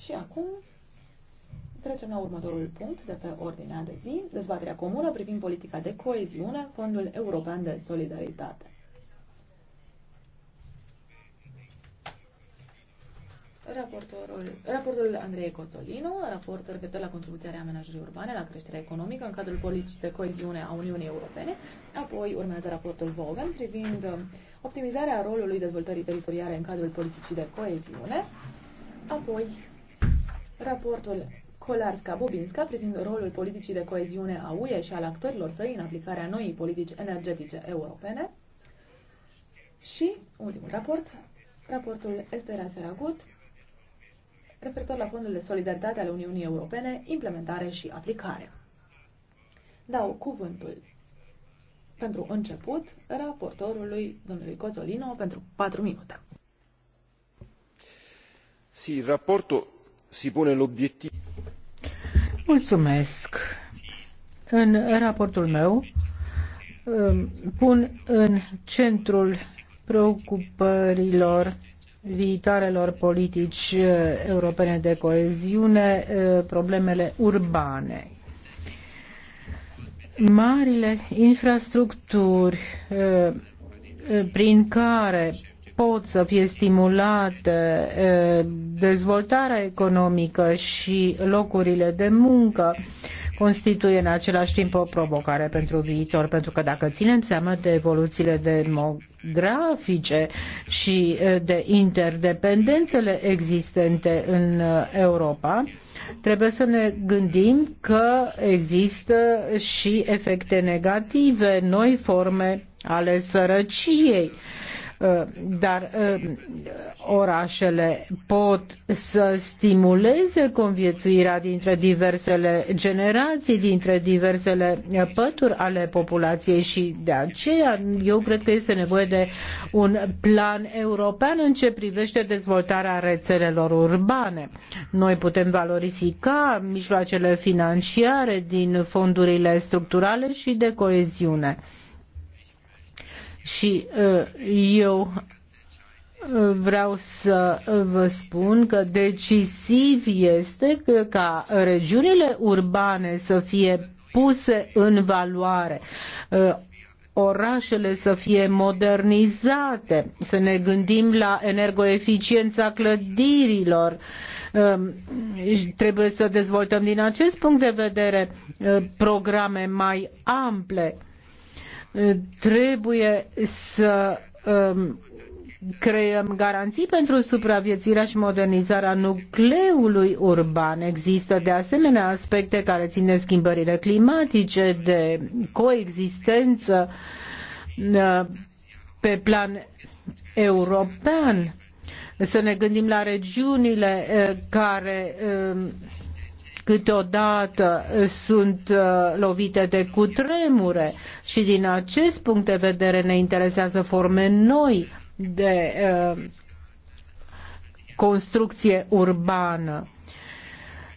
Și acum trecem la următorul punct de pe ordinea de zi, dezbaterea comună privind politica de coeziune, Fondul European de Solidaritate. Raportorul, raportul Andrei Cotolino, raport referitor la contribuția reamenajării urbane la creșterea economică în cadrul politicii de coeziune a Uniunii Europene. Apoi urmează raportul Vogan privind optimizarea rolului dezvoltării teritoriale în cadrul politicii de coeziune. Apoi Raportul Kolarska-Bobinska privind rolul politicii de coeziune a UE și al actorilor săi în aplicarea noii politici energetice europene. Și ultimul raport, raportul Estera Seragut, referitor la Fondul de Solidaritate ale Uniunii Europene, implementare și aplicare. Dau cuvântul pentru început raportorului domnului Cozolino pentru 4 minute. Si, raportul si pune l'obiettivo. Mulțumesc. În raportul meu um, pun în centrul preocupărilor viitoarelor politici uh, europene de coeziune uh, problemele urbane. Marile infrastructuri uh, prin care pot să fie stimulate dezvoltarea economică și locurile de muncă constituie în același timp o provocare pentru viitor, pentru că dacă ținem seama de evoluțiile demografice și de interdependențele existente în Europa, trebuie să ne gândim că există și efecte negative, noi forme ale sărăciei Uh, dar uh, orașele pot să stimuleze conviețuirea dintre diversele generații, dintre diversele uh, pături ale populației și de aceea eu cred că este nevoie de un plan european în ce privește dezvoltarea rețelelor urbane. Noi putem valorifica mijloacele financiare din fondurile structurale și de coeziune. Și eu vreau să vă spun că decisiv este că ca regiunile urbane să fie puse în valoare, orașele să fie modernizate, să ne gândim la energoeficiența clădirilor. Trebuie să dezvoltăm din acest punct de vedere programe mai ample Trebuie să um, creăm garanții pentru supraviețuirea și modernizarea nucleului urban. Există de asemenea aspecte care țin de schimbările climatice, de coexistență uh, pe plan european. Să ne gândim la regiunile uh, care um, câteodată sunt uh, lovite de cutremure și din acest punct de vedere ne interesează forme noi de uh, construcție urbană.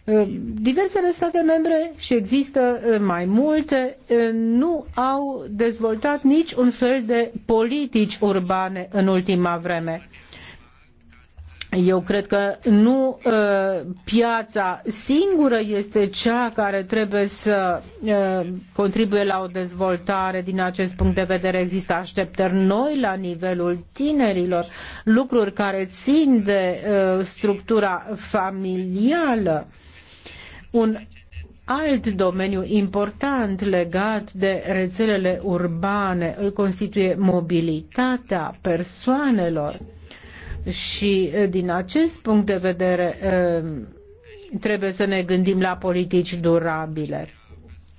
Uh, diversele state membre și există mai multe nu au dezvoltat nici un fel de politici urbane în ultima vreme. Eu cred că nu uh, piața singură este cea care trebuie să uh, contribuie la o dezvoltare din acest punct de vedere. Există așteptări noi la nivelul tinerilor, lucruri care țin de uh, structura familială. Un alt domeniu important legat de rețelele urbane îl constituie mobilitatea persoanelor. Și din acest punct de vedere trebuie să ne gândim la politici durabile.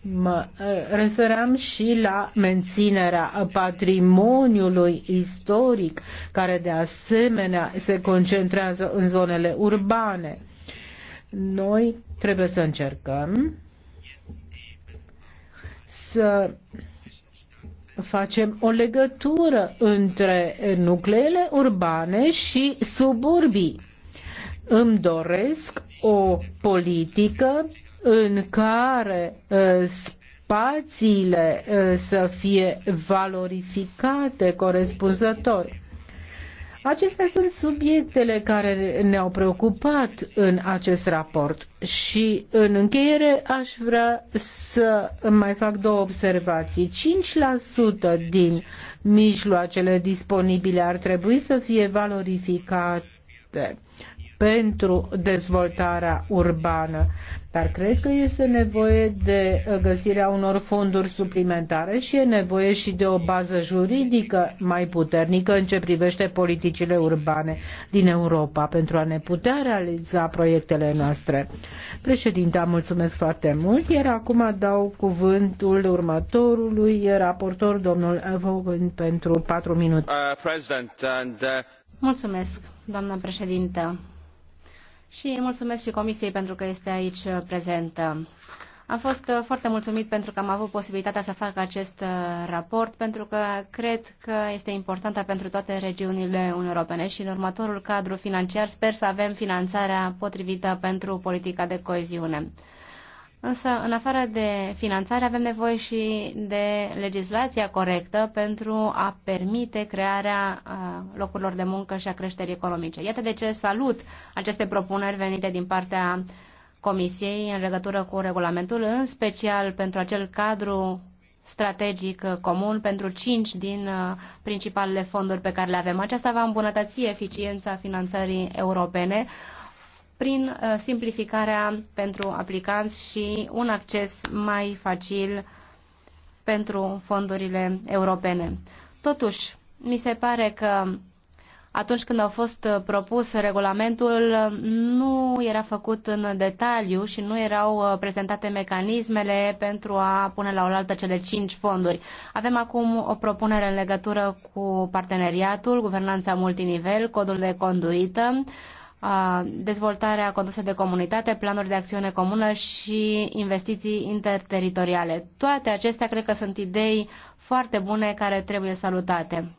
Mă referam și la menținerea patrimoniului istoric, care de asemenea se concentrează în zonele urbane. Noi trebuie să încercăm să facem o legătură între nucleele urbane și suburbii. Îmi doresc o politică în care uh, spațiile uh, să fie valorificate corespunzător. Acestea sunt subiectele care ne-au preocupat în acest raport și în încheiere aș vrea să mai fac două observații. 5% din mijloacele disponibile ar trebui să fie valorificate pentru dezvoltarea urbană. Dar cred că este nevoie de găsirea unor fonduri suplimentare și e nevoie și de o bază juridică mai puternică în ce privește politicile urbane din Europa pentru a ne putea realiza proiectele noastre. Președinte, mulțumesc foarte mult, iar acum dau cuvântul următorului raportor, domnul Evogan, pentru patru minute. Uh, and, uh... Mulțumesc, doamna președintă și mulțumesc și Comisiei pentru că este aici uh, prezentă. Am fost uh, foarte mulțumit pentru că am avut posibilitatea să fac acest uh, raport, pentru că cred că este importantă pentru toate regiunile Uniunii Europene și în următorul cadru financiar sper să avem finanțarea potrivită pentru politica de coeziune. Însă, în afară de finanțare, avem nevoie și de legislația corectă pentru a permite crearea locurilor de muncă și a creșterii economice. Iată de ce salut aceste propuneri venite din partea Comisiei în legătură cu regulamentul, în special pentru acel cadru strategic comun pentru cinci din principalele fonduri pe care le avem. Aceasta va îmbunătăți eficiența finanțării europene, prin uh, simplificarea pentru aplicanți și un acces mai facil pentru fondurile europene. Totuși, mi se pare că atunci când a fost propus regulamentul, nu era făcut în detaliu și nu erau uh, prezentate mecanismele pentru a pune la oaltă cele cinci fonduri. Avem acum o propunere în legătură cu parteneriatul, guvernanța multinivel, codul de conduită, dezvoltarea condusă de comunitate, planuri de acțiune comună și investiții interteritoriale. Toate acestea cred că sunt idei foarte bune care trebuie salutate.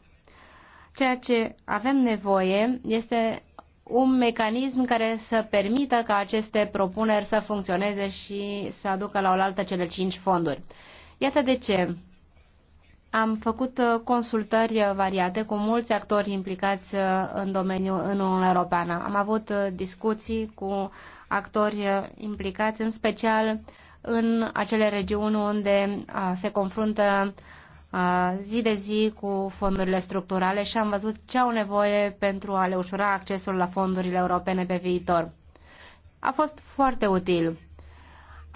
Ceea ce avem nevoie este un mecanism care să permită ca aceste propuneri să funcționeze și să aducă la oaltă cele cinci fonduri. Iată de ce am făcut uh, consultări uh, variate cu mulți actori implicați uh, în domeniul în Uniunea Europeană. Am avut discuții cu actori implicați, în special în acele regiuni unde se confruntă zi de zi cu fondurile structurale și am văzut ce au nevoie pentru a le ușura accesul la fondurile europene pe viitor. A fost foarte util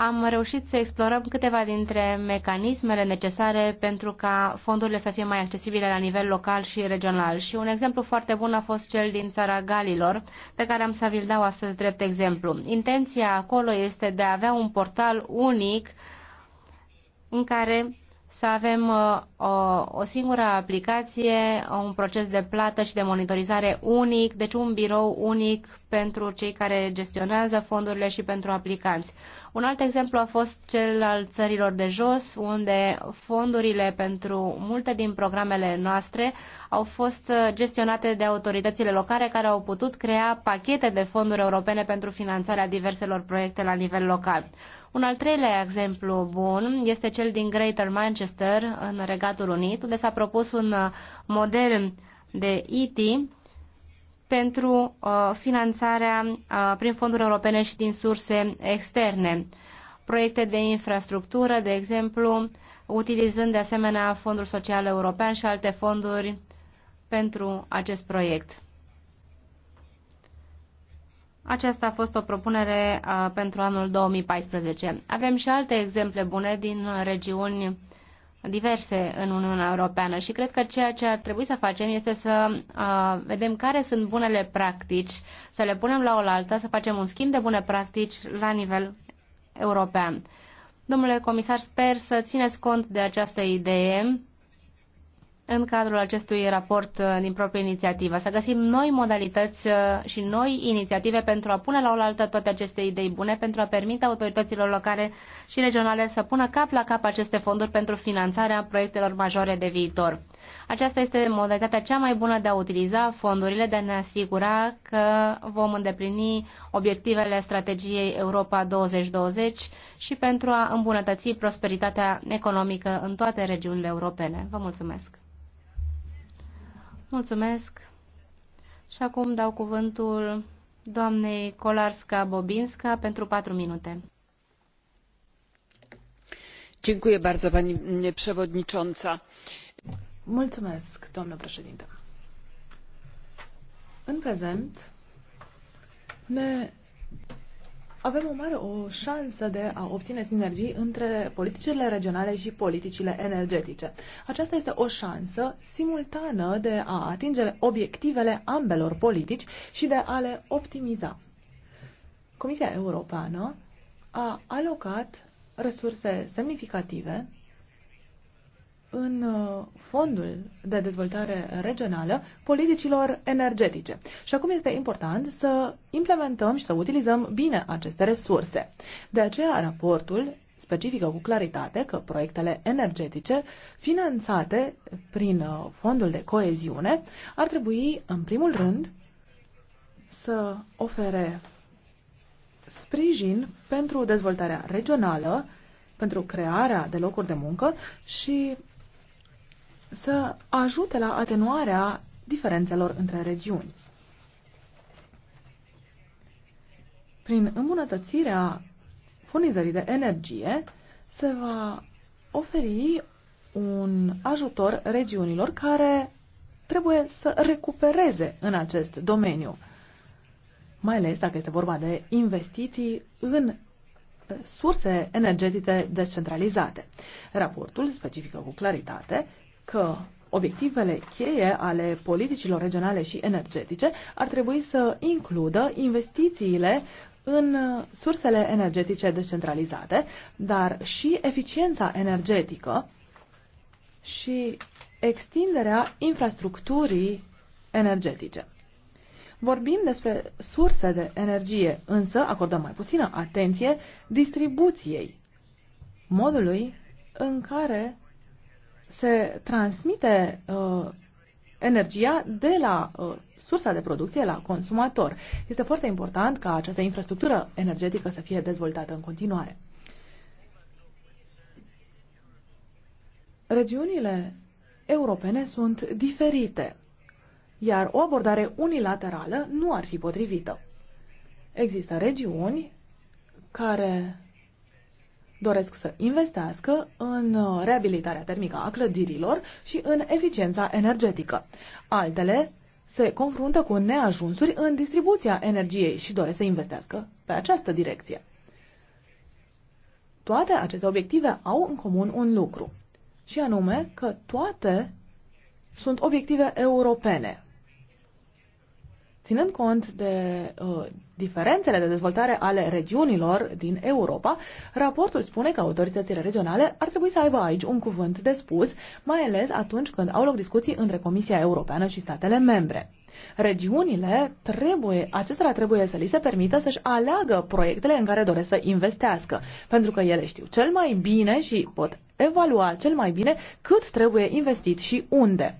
am reușit să explorăm câteva dintre mecanismele necesare pentru ca fondurile să fie mai accesibile la nivel local și regional. Și un exemplu foarte bun a fost cel din țara Galilor, pe care am să vi-l dau astăzi drept exemplu. Intenția acolo este de a avea un portal unic în care să avem uh, o, o singură aplicație, un proces de plată și de monitorizare unic, deci un birou unic pentru cei care gestionează fondurile și pentru aplicanți. Un alt exemplu a fost cel al țărilor de jos, unde fondurile pentru multe din programele noastre au fost uh, gestionate de autoritățile locale care au putut crea pachete de fonduri europene pentru finanțarea diverselor proiecte la nivel local. Un al treilea exemplu bun este cel din Greater Manchester, în Regatul Unit, unde s-a propus un uh, model de IT pentru uh, finanțarea uh, prin fonduri europene și din surse externe. Proiecte de infrastructură, de exemplu, utilizând de asemenea Fondul Social European și alte fonduri pentru acest proiect. Aceasta a fost o propunere uh, pentru anul 2014. Avem și alte exemple bune din regiuni diverse în Uniunea Europeană și cred că ceea ce ar trebui să facem este să uh, vedem care sunt bunele practici, să le punem la oaltă, să facem un schimb de bune practici la nivel european. Domnule comisar, sper să țineți cont de această idee în cadrul acestui raport uh, din proprie inițiativă, să găsim noi modalități uh, și noi inițiative pentru a pune la oaltă toate aceste idei bune, pentru a permite autorităților locale și regionale să pună cap la cap aceste fonduri pentru finanțarea proiectelor majore de viitor. Aceasta este modalitatea cea mai bună de a utiliza fondurile, de a ne asigura că vom îndeplini obiectivele strategiei Europa 2020 și pentru a îmbunătăți prosperitatea economică în toate regiunile europene. Vă mulțumesc! Mulțumesc. Și acum dau cuvântul doamnei Kolarska-Bobinska pentru patru minute. Dziękuję bardzo, pani przewodnicząca. Mulțumesc, doamnă președinte. În prezent ne avem o mare o șansă de a obține sinergii între politicile regionale și politicile energetice. Aceasta este o șansă simultană de a atinge obiectivele ambelor politici și de a le optimiza. Comisia Europeană a alocat resurse semnificative în uh, fondul de dezvoltare regională politicilor energetice. Și acum este important să implementăm și să utilizăm bine aceste resurse. De aceea, raportul specifică cu claritate că proiectele energetice finanțate prin uh, fondul de coeziune ar trebui, în primul rând, să ofere sprijin pentru dezvoltarea regională, pentru crearea de locuri de muncă și să ajute la atenuarea diferențelor între regiuni. Prin îmbunătățirea furnizării de energie se va oferi un ajutor regiunilor care trebuie să recupereze în acest domeniu, mai ales dacă este vorba de investiții în uh, surse energetice descentralizate. Raportul specifică cu claritate că obiectivele cheie ale politicilor regionale și energetice ar trebui să includă investițiile în sursele energetice descentralizate, dar și eficiența energetică și extinderea infrastructurii energetice. Vorbim despre surse de energie, însă acordăm mai puțină atenție distribuției, modului în care se transmite uh, energia de la uh, sursa de producție la consumator. Este foarte important ca această infrastructură energetică să fie dezvoltată în continuare. Regiunile europene sunt diferite, iar o abordare unilaterală nu ar fi potrivită. Există regiuni care doresc să investească în uh, reabilitarea termică a clădirilor și în eficiența energetică. Altele se confruntă cu neajunsuri în distribuția energiei și doresc să investească pe această direcție. Toate aceste obiective au în comun un lucru, și anume că toate sunt obiective europene, Ținând cont de uh, diferențele de dezvoltare ale regiunilor din Europa, raportul spune că autoritățile regionale ar trebui să aibă aici un cuvânt de spus, mai ales atunci când au loc discuții între Comisia Europeană și statele membre. Regiunile trebuie, acestora trebuie să li se permită să-și aleagă proiectele în care doresc să investească, pentru că ele știu cel mai bine și pot evalua cel mai bine cât trebuie investit și unde.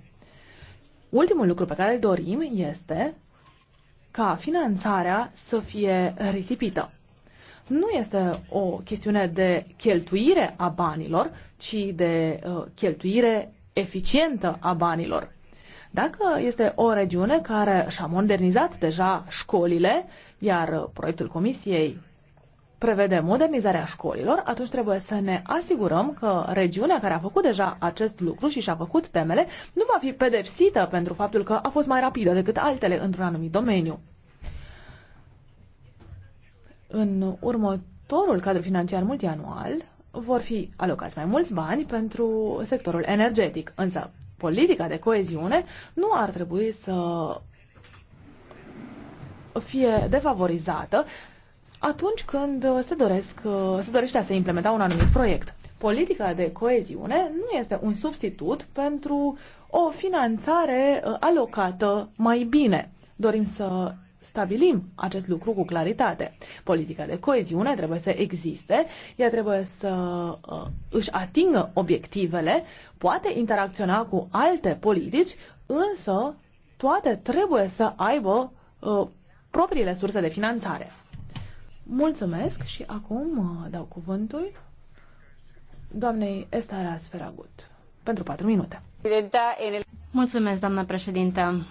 Ultimul lucru pe care îl dorim este ca finanțarea să fie risipită. Nu este o chestiune de cheltuire a banilor, ci de uh, cheltuire eficientă a banilor. Dacă este o regiune care și-a modernizat deja școlile, iar proiectul Comisiei prevede modernizarea școlilor, atunci trebuie să ne asigurăm că regiunea care a făcut deja acest lucru și și-a făcut temele nu va fi pedepsită pentru faptul că a fost mai rapidă decât altele într-un anumit domeniu. În următorul cadru financiar multianual vor fi alocați mai mulți bani pentru sectorul energetic, însă politica de coeziune nu ar trebui să fie defavorizată atunci când uh, se, doresc, uh, se dorește a se implementa un anumit proiect. Politica de coeziune nu este un substitut pentru o finanțare uh, alocată mai bine. Dorim să stabilim acest lucru cu claritate. Politica de coeziune trebuie să existe, ea trebuie să își atingă obiectivele, poate interacționa cu alte politici, însă toate trebuie să aibă propriile surse de finanțare. Mulțumesc și acum uh, dau cuvântul doamnei Estara Sferagut pentru 4 minute. Mulțumesc, doamna președintă.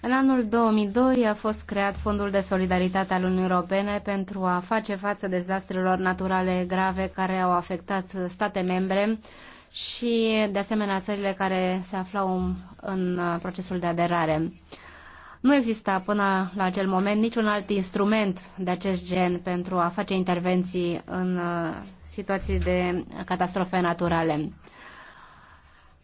În anul 2002 a fost creat Fondul de Solidaritate al Uniunii Europene pentru a face față dezastrelor naturale grave care au afectat state membre și, de asemenea, țările care se aflau în uh, procesul de aderare. Nu exista până la acel moment niciun alt instrument de acest gen pentru a face intervenții în uh, situații de catastrofe naturale.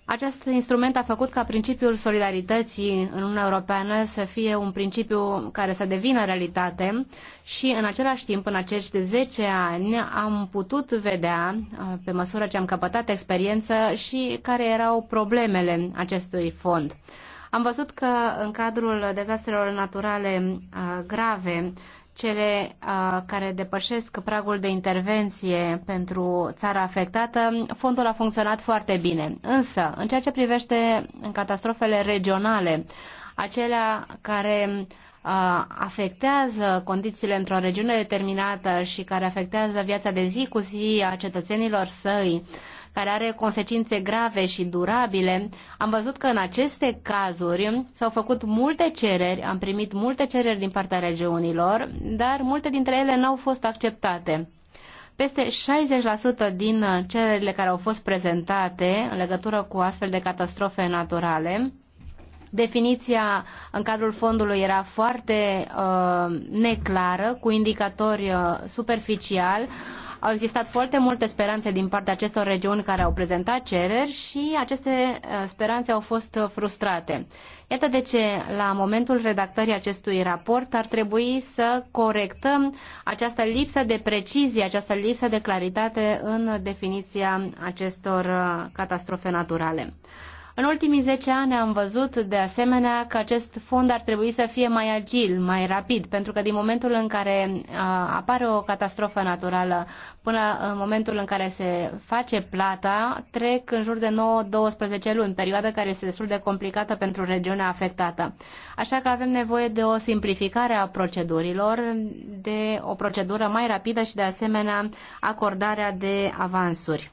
Acest instrument a făcut ca principiul solidarității în Uniunea Europeană să fie un principiu care să devină realitate și în același timp, în acești 10 ani, am putut vedea, uh, pe măsură ce am căpătat experiență, și care erau problemele acestui fond. Am văzut că în cadrul dezastrelor naturale uh, grave, cele uh, care depășesc pragul de intervenție pentru țara afectată, fondul a funcționat foarte bine. Însă, în ceea ce privește în catastrofele regionale, acelea care uh, afectează condițiile într-o regiune determinată și care afectează viața de zi cu zi a cetățenilor săi, care are consecințe grave și durabile, am văzut că în aceste cazuri s-au făcut multe cereri, am primit multe cereri din partea regiunilor, dar multe dintre ele n-au fost acceptate. Peste 60% din cererile care au fost prezentate în legătură cu astfel de catastrofe naturale definiția în cadrul fondului era foarte uh, neclară, cu indicatori uh, superficial. Au existat foarte multe speranțe din partea acestor regiuni care au prezentat cereri și aceste uh, speranțe au fost uh, frustrate. Iată de ce, la momentul redactării acestui raport, ar trebui să corectăm această lipsă de precizie, această lipsă de claritate în definiția acestor uh, catastrofe naturale. În ultimii 10 ani am văzut, de asemenea, că acest fond ar trebui să fie mai agil, mai rapid, pentru că din momentul în care apare o catastrofă naturală până în momentul în care se face plata, trec în jur de 9-12 luni, perioadă care este destul de complicată pentru regiunea afectată. Așa că avem nevoie de o simplificare a procedurilor, de o procedură mai rapidă și, de asemenea, acordarea de avansuri.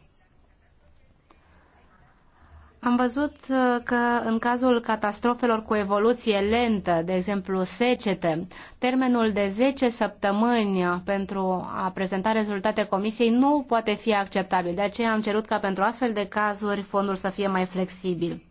Am văzut uh, că în cazul catastrofelor cu evoluție lentă, de exemplu secete, termenul de 10 săptămâni pentru a prezenta rezultate comisiei nu poate fi acceptabil. De aceea am cerut ca pentru astfel de cazuri fondul să fie mai flexibil.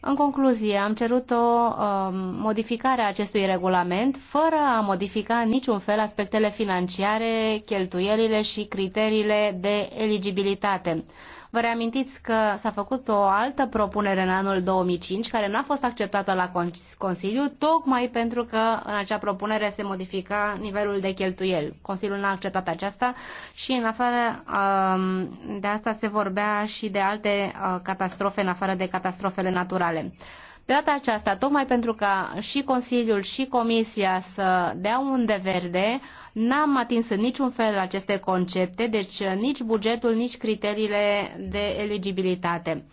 În concluzie, am cerut o um, modificare a acestui regulament fără a modifica în niciun fel aspectele financiare, cheltuielile și criteriile de eligibilitate Vă reamintiți că s-a făcut o altă propunere în anul 2005 care n-a fost acceptată la Consiliu, tocmai pentru că în acea propunere se modifica nivelul de cheltuieli. Consiliul n-a acceptat aceasta și în afară um, de asta se vorbea și de alte uh, catastrofe în afară de catastrofele naturale. De data aceasta, tocmai pentru ca și Consiliul și Comisia să dea un de verde, n-am atins în niciun fel aceste concepte, deci nici bugetul, nici criteriile de eligibilitate.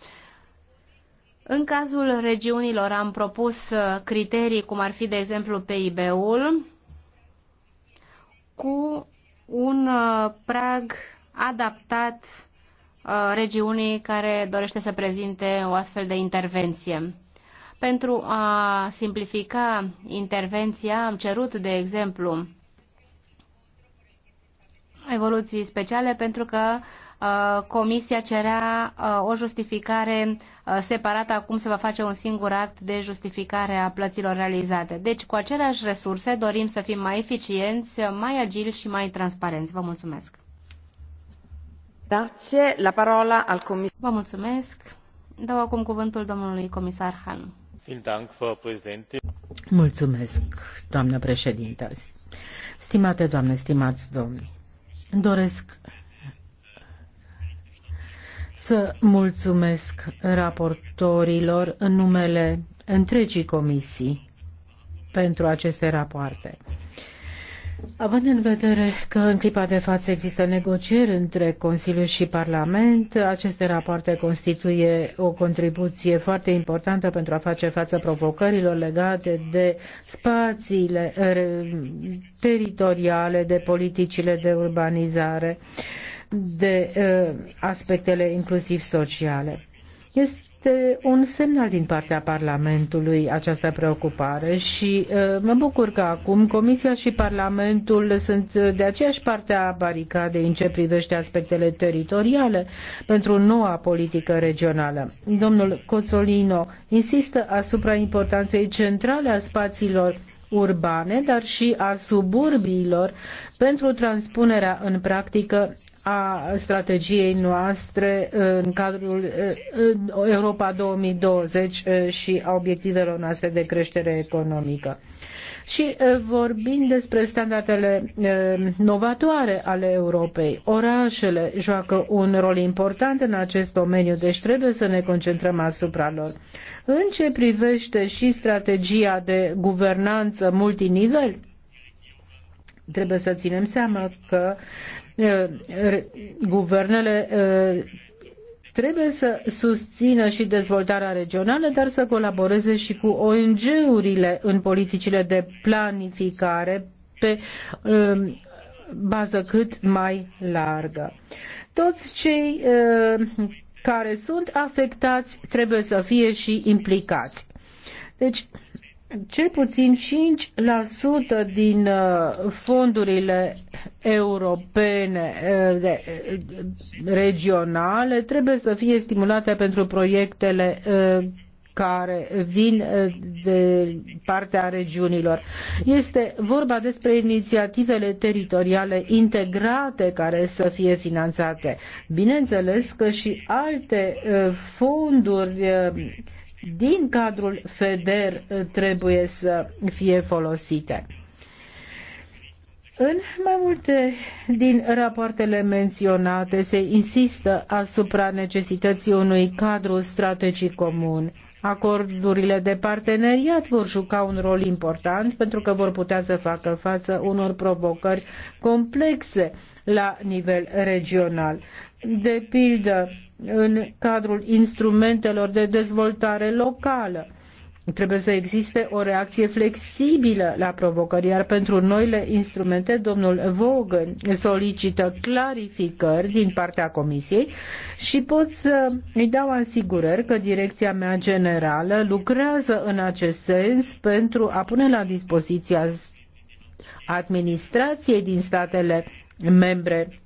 În cazul regiunilor am propus criterii cum ar fi, de exemplu, PIB-ul cu un uh, prag adaptat uh, regiunii care dorește să prezinte o astfel de intervenție. Pentru a simplifica intervenția, am cerut, de exemplu, evoluții speciale pentru că uh, Comisia cerea uh, o justificare uh, separată, acum se va face un singur act de justificare a plăților realizate. Deci, cu aceleași resurse, dorim să fim mai eficienți, mai agili și mai transparenți. Vă mulțumesc! Grazie, la parola al comis- Vă mulțumesc! Dau acum cuvântul domnului comisar Han. Mulțumesc, doamnă președintă. Stimate doamne, stimați domni, doresc să mulțumesc raportorilor în numele întregii comisii pentru aceste rapoarte. Având în vedere că în clipa de față există negocieri între Consiliu și Parlament, aceste rapoarte constituie o contribuție foarte importantă pentru a face față provocărilor legate de spațiile eh, teritoriale, de politicile de urbanizare, de eh, aspectele inclusiv sociale. Este este un semnal din partea Parlamentului această preocupare și uh, mă bucur că acum Comisia și Parlamentul sunt uh, de aceeași parte a baricadei în ce privește aspectele teritoriale pentru noua politică regională. Domnul Cozzolino insistă asupra importanței centrale a spațiilor urbane, dar și a suburbiilor pentru transpunerea în practică a strategiei noastre în cadrul Europa 2020 eh, și a obiectivelor noastre de creștere economică. Și vorbind despre standardele novatoare ale Europei. Orașele joacă un rol important în acest domeniu, deci trebuie să ne concentrăm asupra lor. În ce privește și strategia de guvernanță multinivel, trebuie să ținem seama că guvernele Trebuie să susțină și dezvoltarea regională, dar să colaboreze și cu ONG-urile în politicile de planificare pe um, bază cât mai largă. Toți cei uh, care sunt afectați trebuie să fie și implicați. Deci, cel puțin 5% din uh, fondurile europene uh, uh, regionale trebuie să fie stimulate pentru proiectele care vin de partea regiunilor. Este vorba despre inițiativele teritoriale integrate care să fie finanțate. Bineînțeles că și alte fonduri din cadrul FEDER uh, trebuie să fie folosite. În mai multe din rapoartele menționate se insistă asupra necesității unui cadru strategic comun. Acordurile de parteneriat vor juca un rol important pentru că vor putea să facă față unor provocări complexe la nivel regional. De pildă, în cadrul instrumentelor de dezvoltare locală. Trebuie să existe o reacție flexibilă la provocări, iar pentru noile instrumente, domnul Vaughan solicită clarificări din partea Comisiei și pot să îi dau asigurări că direcția mea generală lucrează în acest sens pentru a pune la dispoziția administrației din statele membre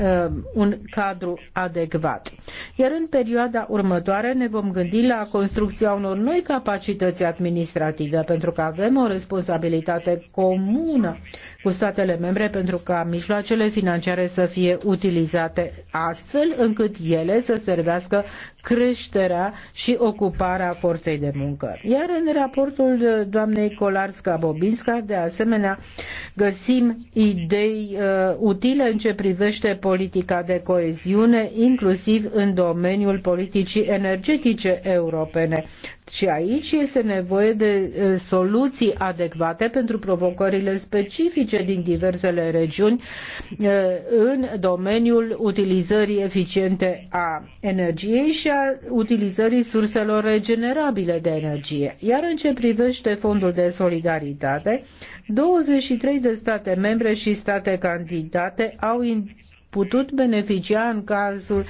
Uh, un cadru adecvat. Iar în perioada următoare ne vom gândi la construcția unor noi capacități administrative, pentru că avem o responsabilitate comună cu statele membre pentru ca mijloacele financiare să fie utilizate astfel încât ele să servească creșterea și ocuparea forței de muncă. Iar în raportul doamnei Kolarska-Bobinska, de asemenea, găsim idei uh, utile în ce privește politica de coeziune, inclusiv în domeniul politicii energetice europene. Și aici este nevoie de uh, soluții adecvate pentru provocările specifice strategice din diversele regiuni uh, în domeniul utilizării eficiente a energiei și a utilizării surselor regenerabile de energie. Iar în ce privește fondul de solidaritate, 23 de state membre și state candidate au putut beneficia în cazul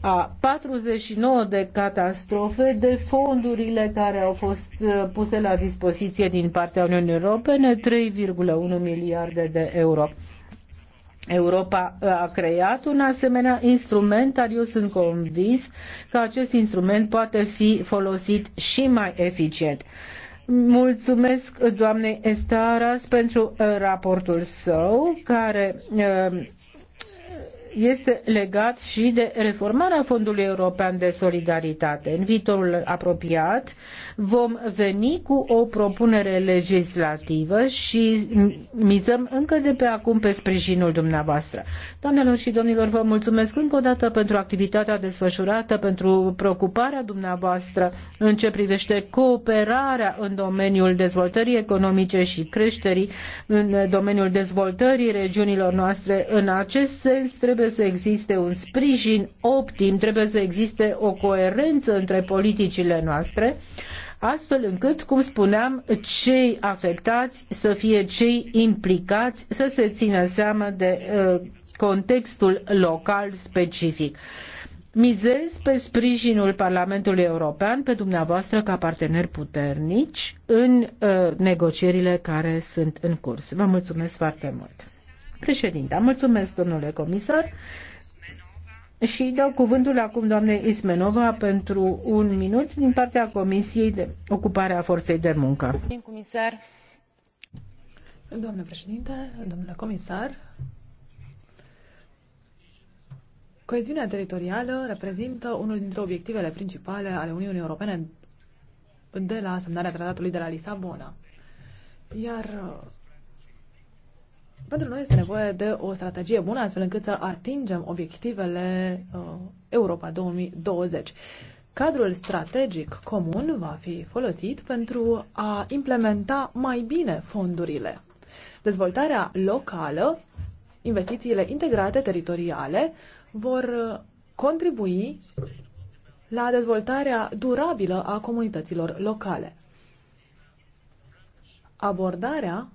a 49 de catastrofe de fondurile care au fost uh, puse la dispoziție din partea Uniunii Europene, 3,1 miliarde de euro. Europa uh, a creat un asemenea instrument, dar eu sunt convins că acest instrument poate fi folosit și mai eficient. Mulțumesc doamnei Estaras pentru uh, raportul său, care este legat și de reformarea Fondului European de Solidaritate. În viitorul apropiat vom veni cu o propunere legislativă și mizăm încă de pe acum pe sprijinul dumneavoastră. Doamnelor și domnilor, vă mulțumesc încă o dată pentru activitatea desfășurată, pentru preocuparea dumneavoastră în ce privește cooperarea în domeniul dezvoltării economice și creșterii, în domeniul dezvoltării regiunilor noastre. În acest sens trebuie trebuie să existe un sprijin optim, trebuie să existe o coerență între politicile noastre, astfel încât, cum spuneam, cei afectați să fie cei implicați, să se țină seama de uh, contextul local specific. Mizez pe sprijinul Parlamentului European, pe dumneavoastră ca parteneri puternici în uh, negocierile care sunt în curs. Vă mulțumesc foarte mult! Președinta, mulțumesc, domnule comisar. Și dau cuvântul acum doamnei Ismenova pentru un minut din partea Comisiei de Ocupare a Forței de Muncă. Comisar. domnule președinte, domnule comisar, coeziunea teritorială reprezintă unul dintre obiectivele principale ale Uniunii Europene de la asemnarea Tratatului de la Lisabona. Iar pentru noi este nevoie de o strategie bună, astfel încât să atingem obiectivele uh, Europa 2020. Cadrul strategic comun va fi folosit pentru a implementa mai bine fondurile. Dezvoltarea locală, investițiile integrate teritoriale vor uh, contribui la dezvoltarea durabilă a comunităților locale. Abordarea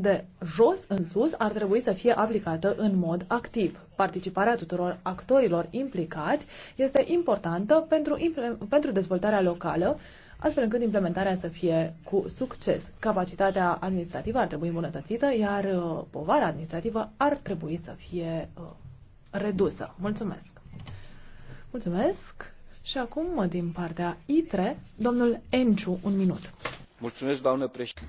de jos în sus ar trebui să fie aplicată în mod activ. Participarea tuturor actorilor implicați este importantă pentru, pentru dezvoltarea locală, astfel încât implementarea să fie cu succes. Capacitatea administrativă ar trebui îmbunătățită, iar uh, povara administrativă ar trebui să fie uh, redusă. Mulțumesc! Mulțumesc! Și acum, din partea ITRE, domnul Enciu, un minut. Mulțumesc, doamnă președinte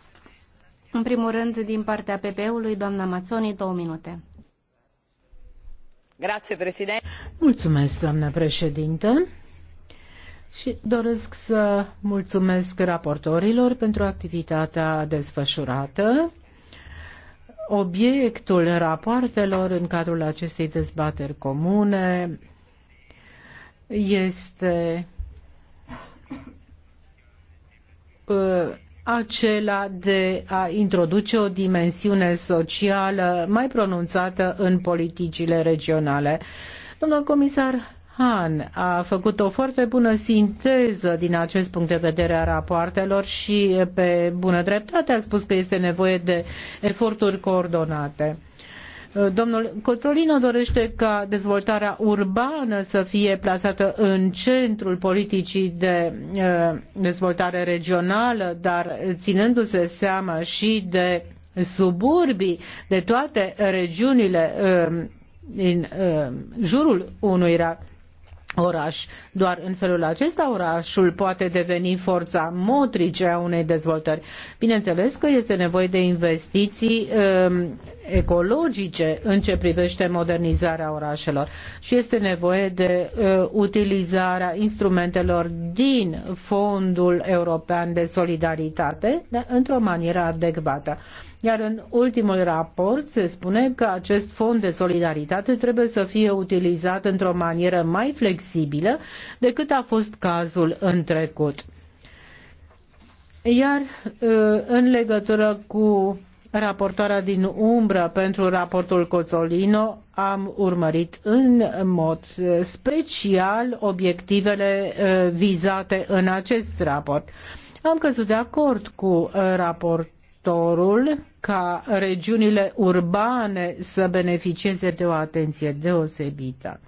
în primul rând, din partea PPE-ului, doamna Mazzoni, două minute. Grazie, președinte. Mulțumesc, doamna președintă. Și doresc să mulțumesc raportorilor pentru activitatea desfășurată. Obiectul rapoartelor în cadrul acestei dezbateri comune este uh, acela de a introduce o dimensiune socială mai pronunțată în politicile regionale. Domnul comisar Han a făcut o foarte bună sinteză din acest punct de vedere a rapoartelor și pe bună dreptate a spus că este nevoie de eforturi coordonate. Domnul Coțolino dorește ca dezvoltarea urbană să fie plasată în centrul politicii de eh, dezvoltare regională, dar ținându-se seama și de suburbii, de toate regiunile eh, din eh, jurul unuia oraș. Doar în felul acesta orașul poate deveni forța motrice a unei dezvoltări. Bineînțeles că este nevoie de investiții um, ecologice în ce privește modernizarea orașelor și este nevoie de uh, utilizarea instrumentelor din Fondul European de Solidaritate într-o manieră adecvată. Iar în ultimul raport se spune că acest fond de solidaritate trebuie să fie utilizat într-o manieră mai flexibilă decât a fost cazul în trecut. Iar uh, în legătură cu raportoarea din umbră pentru raportul Cozzolino, am urmărit în mod uh, special obiectivele uh, vizate în acest raport. Am căzut de acord cu raport ajutorul ca regiunile urbane să beneficieze de o atenție deosebită.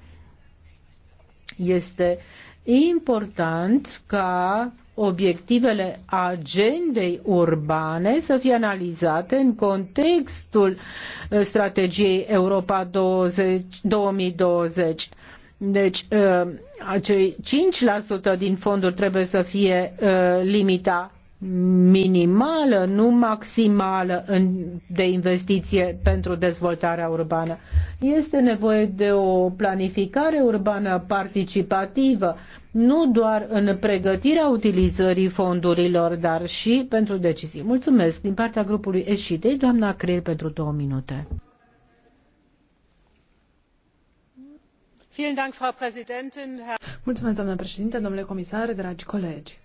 Este important ca obiectivele agendei urbane să fie analizate în contextul uh, strategiei Europa 20, 2020. Deci, uh, acei 5% din fonduri trebuie să fie uh, limita minimală, nu maximală de investiție pentru dezvoltarea urbană. Este nevoie de o planificare urbană participativă, nu doar în pregătirea utilizării fondurilor, dar și pentru decizii. Mulțumesc din partea grupului SCD, doamna Creel, pentru două minute. Mulțumesc, doamnă președinte, domnule comisar, dragi colegi.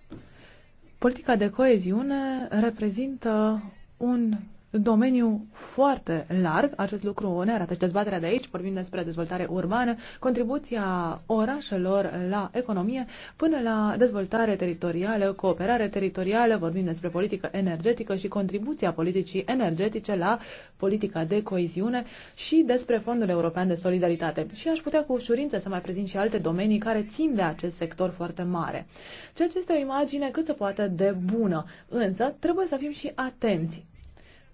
Politica de coeziune reprezintă un domeniu foarte larg. Acest lucru ne arată și dezbaterea de aici. Vorbim despre dezvoltare urbană, contribuția orașelor la economie până la dezvoltare teritorială, cooperare teritorială. Vorbim despre politică energetică și contribuția politicii energetice la politica de coeziune și despre Fondul European de Solidaritate. Și aș putea cu ușurință să mai prezint și alte domenii care țin de acest sector foarte mare. Ceea ce este o imagine cât se poate de bună, însă trebuie să fim și atenți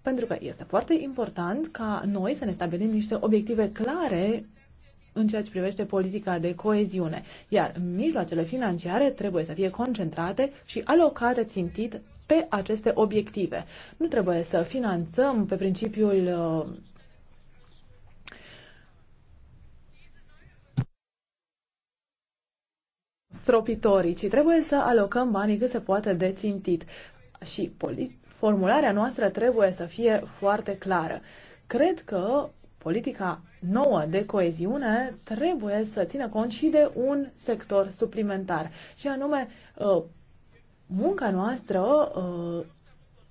pentru că este foarte important ca noi să ne stabilim niște obiective clare în ceea ce privește politica de coeziune, iar mijloacele financiare trebuie să fie concentrate și alocate țintit pe aceste obiective. Nu trebuie să finanțăm pe principiul uh, stropitorii, ci trebuie să alocăm banii cât se poate de țintit. Și formularea noastră trebuie să fie foarte clară. Cred că politica nouă de coeziune trebuie să țină cont și de un sector suplimentar, și anume uh, munca noastră uh,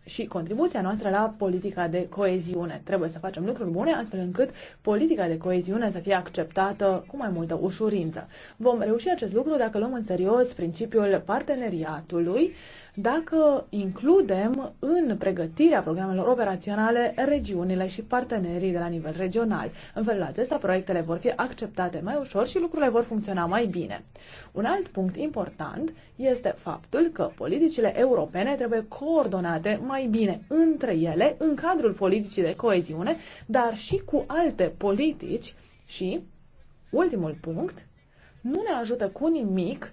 și contribuția noastră la politica de coeziune. Trebuie să facem lucruri bune astfel încât politica de coeziune să fie acceptată cu mai multă ușurință. Vom reuși acest lucru dacă luăm în serios principiul parteneriatului uh, dacă includem în pregătirea programelor operaționale regiunile și partenerii de la nivel regional. În felul acesta, proiectele vor fi acceptate mai ușor și lucrurile vor funcționa mai bine. Un alt punct important este faptul că politicile europene trebuie coordonate mai bine între ele în cadrul politicii de coeziune, dar și cu alte politici și, ultimul punct, nu ne ajută cu nimic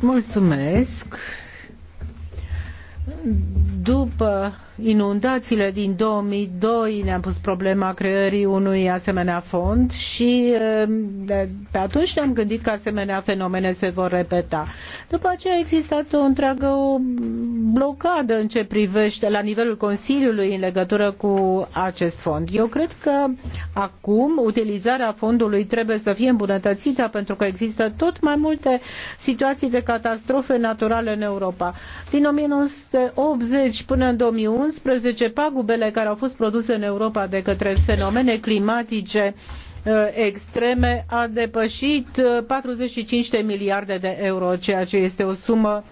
Mulțumesc după inundațiile din 2002 ne-am pus problema creării unui asemenea fond și eh, pe atunci ne-am gândit că asemenea fenomene se vor repeta. După aceea a existat o întreagă o blocadă în ce privește la nivelul Consiliului în legătură cu acest fond. Eu cred că acum utilizarea fondului trebuie să fie îmbunătățită pentru că există tot mai multe situații de catastrofe naturale în Europa. Din 1980 până până în 2011 pagubele care au fost produse în Europa de către fenomene climatice uh, extreme a depășit 45 uh, de miliarde de euro, ceea ce este o sumă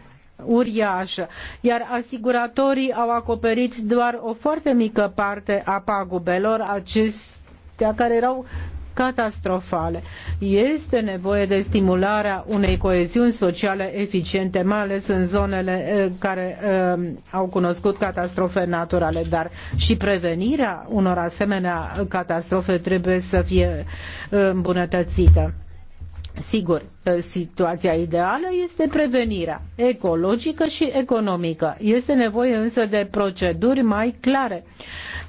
uriașă, iar asiguratorii au acoperit doar o foarte mică parte a pagubelor acestea care erau catastrofale. Este nevoie de stimularea unei coeziuni sociale eficiente, mai ales în zonele eh, care eh, au cunoscut catastrofe naturale, dar și prevenirea unor asemenea catastrofe trebuie să fie eh, îmbunătățită. Sigur, eh, situația ideală este prevenirea ecologică și economică. Este nevoie însă de proceduri mai clare,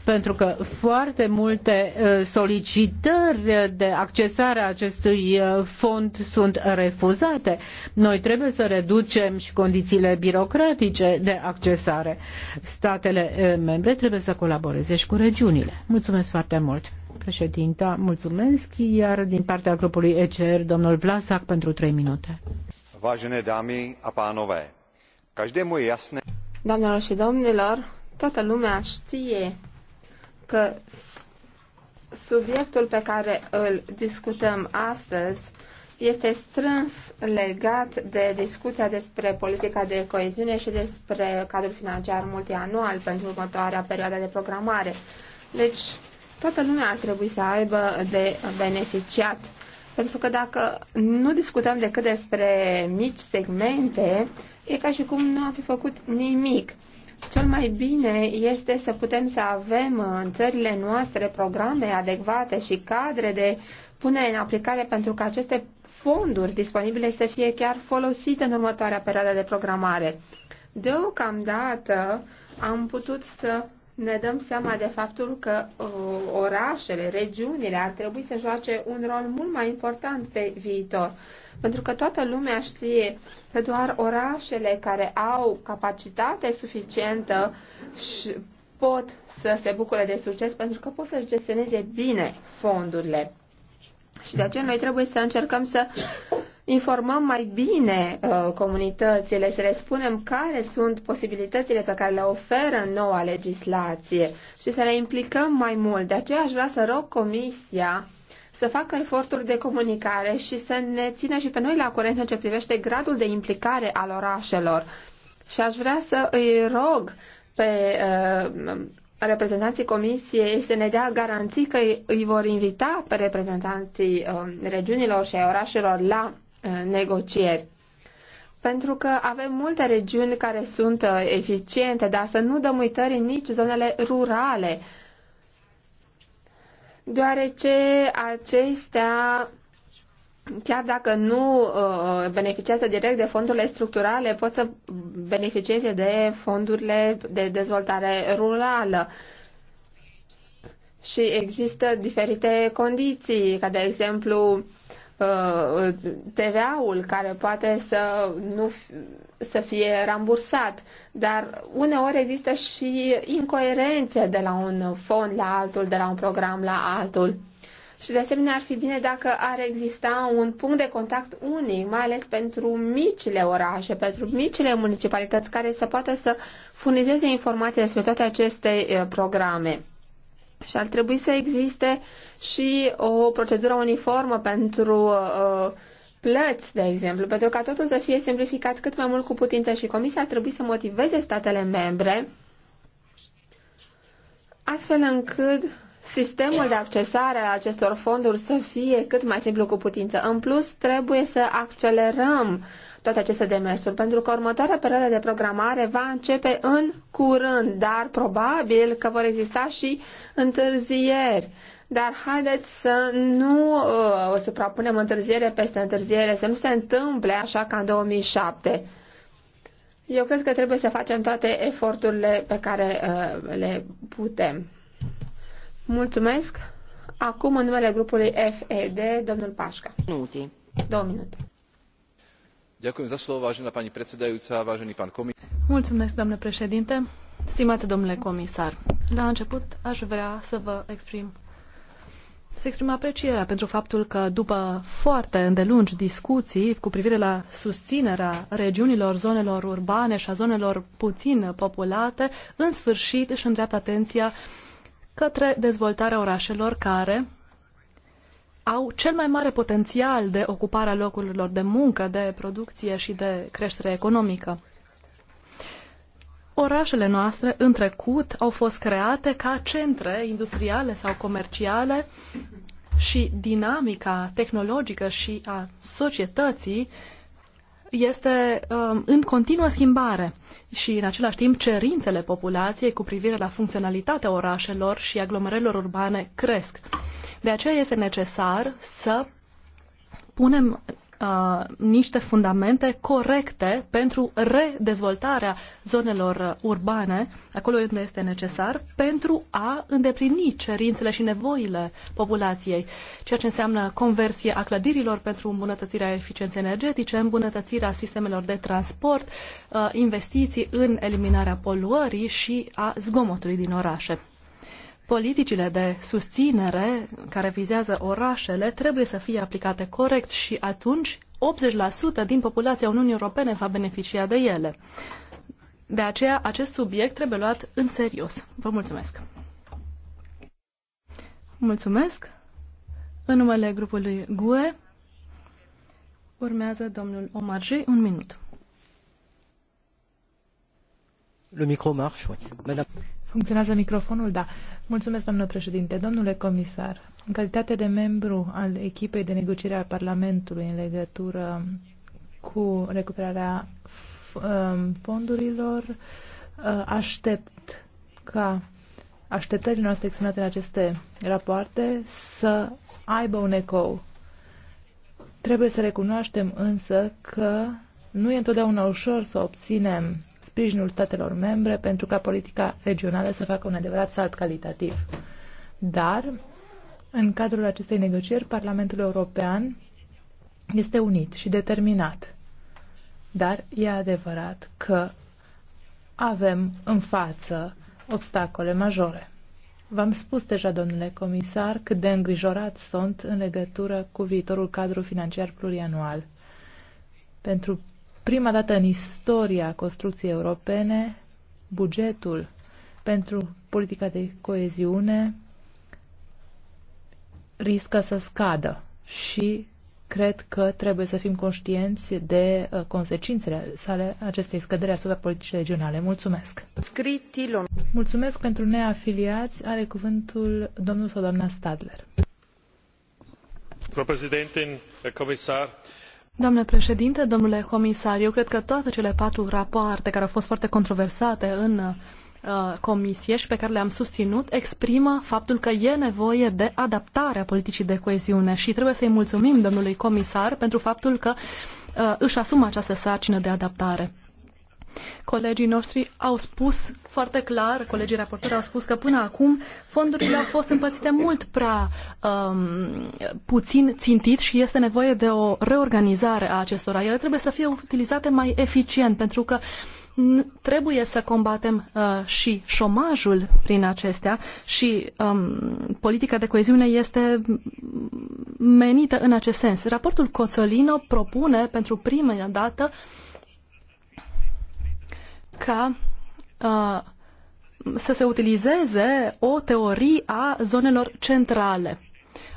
pentru că foarte multe eh, solicitări de accesare a acestui eh, fond sunt refuzate. Noi trebuie să reducem și condițiile birocratice de accesare. Statele membre trebuie să colaboreze și cu regiunile. Mulțumesc foarte mult! Președinta, mulțumesc, iar din partea grupului ECR, domnul Vlasac, pentru 3 minute. Vážené dámy a pánové, každému je jasné... Doamnelor și domnilor, toată lumea știe că subiectul pe care îl discutăm astăzi este strâns legat de discuția despre politica de coeziune și despre cadrul financiar multianual pentru următoarea perioadă de programare. Deci, toată lumea ar trebui să aibă de beneficiat. Pentru că dacă nu discutăm decât despre mici segmente, e ca și cum nu am fi făcut nimic. Cel mai bine este să putem să avem în țările noastre programe adecvate și cadre de punere în aplicare pentru că aceste fonduri disponibile să fie chiar folosite în următoarea perioadă de programare. Deocamdată am putut să ne dăm seama de faptul că uh, orașele, regiunile ar trebui să joace un rol mult mai important pe viitor. Pentru că toată lumea știe că doar orașele care au capacitate suficientă și pot să se bucure de succes pentru că pot să-și gestioneze bine fondurile. Și de aceea noi trebuie să încercăm să informăm mai bine uh, comunitățile, să le spunem care sunt posibilitățile pe care le oferă noua legislație și să le implicăm mai mult. De aceea aș vrea să rog Comisia să facă eforturi de comunicare și să ne țină și pe noi la curent în ce privește gradul de implicare al orașelor. Și aș vrea să îi rog pe uh, reprezentanții comisiei să ne dea garanții că îi vor invita pe reprezentanții uh, regiunilor și a orașelor la Uh, negocieri. Pentru că avem multe regiuni care sunt uh, eficiente, dar să nu dăm uitării nici zonele rurale, deoarece acestea chiar dacă nu uh, beneficiază direct de fondurile structurale, pot să beneficieze de fondurile de dezvoltare rurală. Și există diferite condiții, ca de exemplu Uh, TVA-ul care poate să nu să fie rambursat, dar uneori există și incoerențe de la un fond la altul, de la un program la altul. Și de asemenea ar fi bine dacă ar exista un punct de contact unic, mai ales pentru micile orașe, pentru micile municipalități care să poată să furnizeze informații despre toate aceste uh, programe. Și ar trebui să existe și o procedură uniformă pentru uh, plăți, de exemplu, pentru ca totul să fie simplificat cât mai mult cu putință și Comisia ar trebui să motiveze statele membre astfel încât sistemul de accesare al acestor fonduri să fie cât mai simplu cu putință. În plus, trebuie să accelerăm toate aceste demersuri, pentru că următoarea perioadă de programare va începe în curând, dar probabil că vor exista și întârzieri. Dar haideți să nu uh, suprapunem întârziere peste întârziere, să nu se întâmple așa ca în 2007. Eu cred că trebuie să facem toate eforturile pe care uh, le putem. Mulțumesc! Acum, în numele grupului FED, domnul Pașca. minute. Două minute. Mulțumesc, președinte. Stimate domnule comisar, la început aș vrea să vă exprim să aprecierea pentru faptul că după foarte îndelungi discuții cu privire la susținerea regiunilor, zonelor urbane și a zonelor puin populate, în sfârșit îi îndreaptă atenia către dezvoltarea orașelor care, au cel mai mare potențial de ocupare a locurilor de muncă, de producție și de creștere economică. Orașele noastre în trecut au fost create ca centre industriale sau comerciale și dinamica tehnologică și a societății este um, în continuă schimbare și, în același timp, cerințele populației cu privire la funcționalitatea orașelor și aglomerărilor urbane cresc. De aceea este necesar să punem uh, niște fundamente corecte pentru redezvoltarea zonelor urbane, acolo unde este necesar, pentru a îndeplini cerințele și nevoile populației, ceea ce înseamnă conversie a clădirilor pentru îmbunătățirea eficienței energetice, îmbunătățirea sistemelor de transport, uh, investiții în eliminarea poluării și a zgomotului din orașe politicile de susținere care vizează orașele trebuie să fie aplicate corect și atunci 80% din populația Uniunii Europene va beneficia de ele. De aceea, acest subiect trebuie luat în serios. Vă mulțumesc! Mulțumesc! În numele grupului GUE urmează domnul Omarji, un minut. Le micro marche, oui. Madame... Funcționează microfonul? Da. Mulțumesc, doamnă președinte. Domnule comisar, în calitate de membru al echipei de negociere al Parlamentului în legătură cu recuperarea um, fondurilor, uh, aștept ca așteptările noastre exprimate în aceste rapoarte să aibă un ecou. Trebuie să recunoaștem însă că nu e întotdeauna ușor să obținem sprijinul statelor membre pentru ca politica regională să facă un adevărat salt calitativ. Dar, în cadrul acestei negocieri, Parlamentul European este unit și determinat. Dar e adevărat că avem în față obstacole majore. V-am spus deja, domnule comisar, cât de îngrijorat sunt în legătură cu viitorul cadru financiar plurianual. Pentru prima dată în istoria construcției europene, bugetul pentru politica de coeziune riscă să scadă și cred că trebuie să fim conștienți de uh, consecințele sale acestei scăderi asupra politicii regionale. Mulțumesc! Scritilor. Mulțumesc pentru neafiliați. Are cuvântul domnul sau doamna Stadler. Frau Präsidentin, Herr Kommissar, Doamnă președinte, domnule comisar, eu cred că toate cele patru rapoarte care au fost foarte controversate în uh, comisie și pe care le-am susținut exprimă faptul că e nevoie de a politicii de coeziune și trebuie să-i mulțumim domnului comisar pentru faptul că uh, își asumă această sarcină de adaptare. Colegii noștri au spus foarte clar, colegii raportori au spus că până acum fondurile au fost împărțite mult prea um, puțin țintit și este nevoie de o reorganizare a acestora. Ele trebuie să fie utilizate mai eficient pentru că trebuie să combatem uh, și șomajul prin acestea și um, politica de coeziune este menită în acest sens. Raportul Coțolino propune pentru prima dată uh, ca uh, să se utilizeze o teorie a zonelor centrale,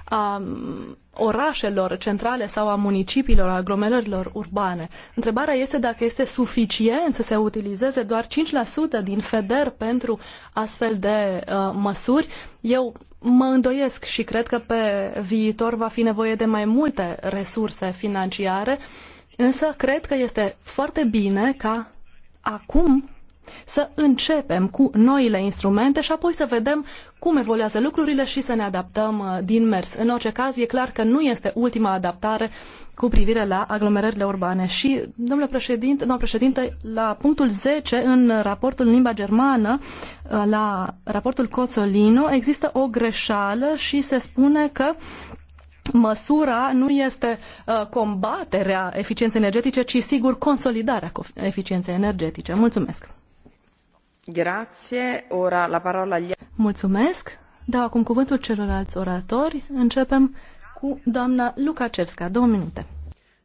a mm, orașelor centrale sau a municipiilor, a aglomerărilor urbane. Întrebarea este dacă este suficient să se utilizeze doar 5% din FEDER pentru astfel de uh, măsuri. Eu mă îndoiesc și cred că pe viitor va fi nevoie de mai multe resurse financiare, însă cred că este foarte bine ca acum să începem cu noile instrumente și apoi să vedem cum evoluează lucrurile și să ne adaptăm uh, din mers. În orice caz, e clar că nu este ultima adaptare cu privire la aglomerările urbane. Și, domnule președinte, domnule președinte, la punctul 10 în raportul în limba germană, uh, la raportul Coțolino, există o greșeală și se spune că uh, măsura nu este uh, combaterea eficienței energetice, ci sigur consolidarea eficienței energetice. Mulțumesc! ora la parola Mulțumesc! Dau acum cuvântul celorlalți oratori. Începem cu doamna Lukacevska. Două minute.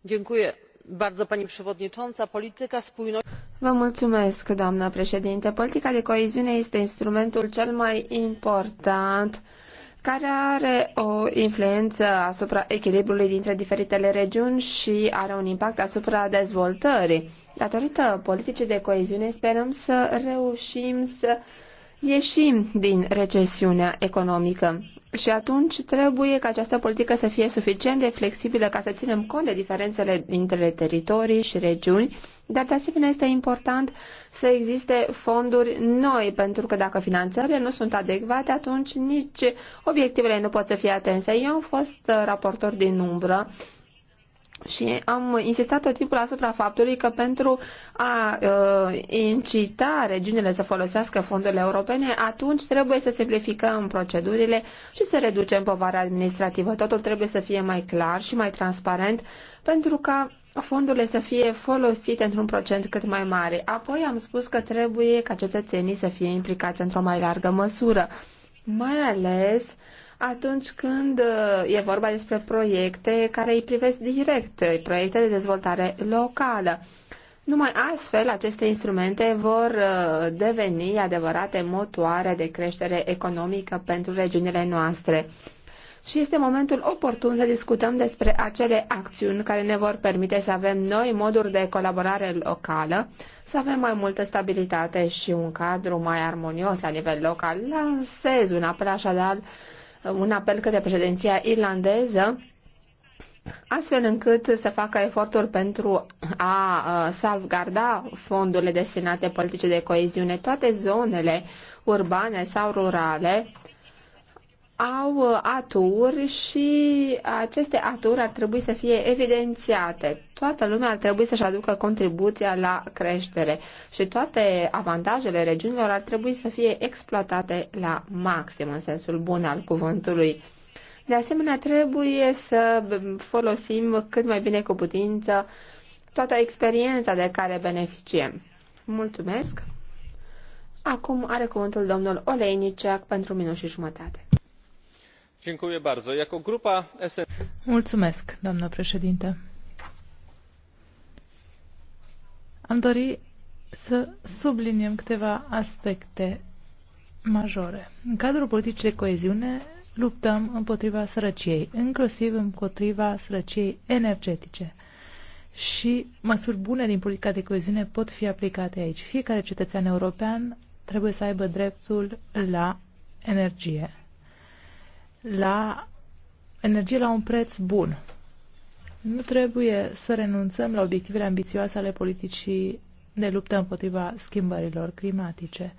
Dziękuję bardzo pani przewodnicząca. Polityka spójności... Vă mulțumesc, doamna președinte. Politica de coeziune este instrumentul cel mai important uh, care are o influență asupra echilibrului dintre diferitele regiuni și are un impact asupra dezvoltării. Datorită politicii de coeziune sperăm să reușim să ieșim din recesiunea economică. Și atunci trebuie ca această politică să fie suficient de flexibilă ca să ținem cont de diferențele dintre teritorii și regiuni, dar de asemenea este important să existe fonduri noi, pentru că dacă finanțările nu sunt adecvate, atunci nici obiectivele nu pot să fie atinse. Eu am fost uh, raportor din umbră și am insistat tot timpul asupra faptului că pentru a uh, incita regiunile să folosească fondurile europene, atunci trebuie să simplificăm procedurile și să reducem povara administrativă. Totul trebuie să fie mai clar și mai transparent pentru ca fondurile să fie folosite într-un procent cât mai mare. Apoi am spus că trebuie ca cetățenii să fie implicați într-o mai largă măsură, mai ales uh, atunci când uh, e vorba despre proiecte care îi privesc direct, uh, proiecte de dezvoltare locală. Numai astfel, aceste instrumente vor uh, deveni adevărate motoare de creștere economică pentru regiunile noastre. Și este momentul oportun să discutăm despre acele acțiuni care ne vor permite să avem noi moduri de colaborare locală, să avem mai multă stabilitate și un cadru mai armonios la nivel local. Lansez un apel așadar un apel către președinția irlandeză astfel încât să facă eforturi pentru a salvgarda fondurile destinate politice de coeziune. Toate zonele urbane sau rurale au uh, aturi și aceste aturi ar trebui să fie evidențiate. Toată lumea ar trebui să-și aducă contribuția la creștere și toate avantajele regiunilor ar trebui să fie exploatate la maxim, în sensul bun al cuvântului. De asemenea, trebuie să mm, folosim cât mai bine cu putință toată experiența de care beneficiem. Mulțumesc! Acum are cuvântul domnul Olejniciac pentru minut și jumătate. Mulțumesc, președinte. Am dori să subliniem câteva aspecte majore. În cadrul politicii de coeziune luptăm împotriva sărăciei, inclusiv împotriva sărăciei energetice. Și măsuri bune din politica de coeziune pot fi aplicate aici. Fiecare cetățean european trebuie să aibă dreptul la energie la energie la un preț bun. Nu trebuie să renunțăm la obiectivele ambițioase ale politicii de luptă împotriva schimbărilor climatice.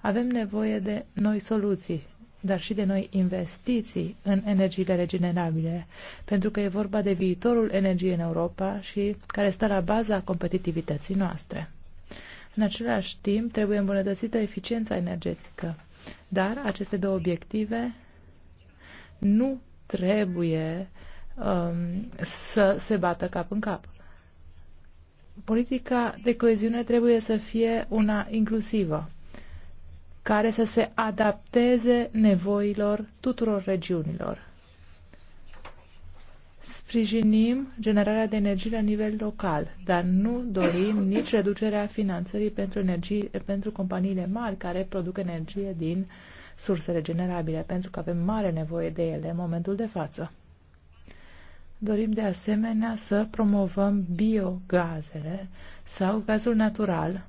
Avem nevoie de noi soluții, dar și de noi investiții în energiile regenerabile, pentru că e vorba de viitorul energiei în Europa și care stă la baza competitivității noastre. În același timp, trebuie îmbunătățită eficiența energetică, dar aceste două obiective nu trebuie um, să se bată cap în cap. Politica de coeziune trebuie să fie una inclusivă, care să se adapteze nevoilor tuturor regiunilor. Sprijinim generarea de energie la nivel local, dar nu dorim nici reducerea finanțării pentru, energie, pentru companiile mari care produc energie din uh, surse regenerabile, pentru că avem mare nevoie de ele în momentul de față. Dorim de asemenea să promovăm biogazele sau gazul natural,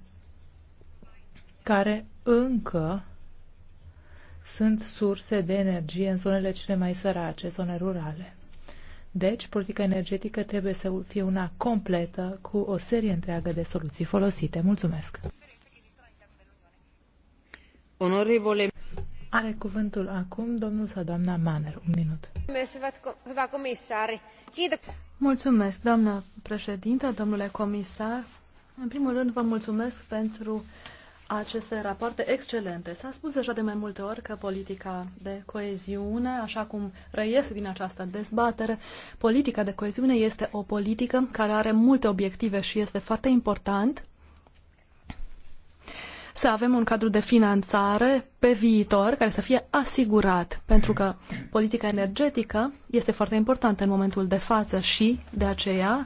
care încă sunt surse de energie în zonele cele mai sărace, zone rurale. Deci, politica energetică trebuie să fie una completă cu o serie întreagă de soluții folosite. Mulțumesc! Onorevole are cuvântul acum domnul sau doamna Maner. Un minut. Mulțumesc, doamna președintă, domnule comisar. În primul rând, vă mulțumesc pentru aceste rapoarte excelente. S-a spus deja de mai multe ori că politica de coeziune, așa cum răiese din această dezbatere, politica de coeziune este o politică care are multe obiective și este foarte important să avem un cadru de finanțare pe viitor care să fie asigurat, pentru că politica energetică este foarte importantă în momentul de față și de aceea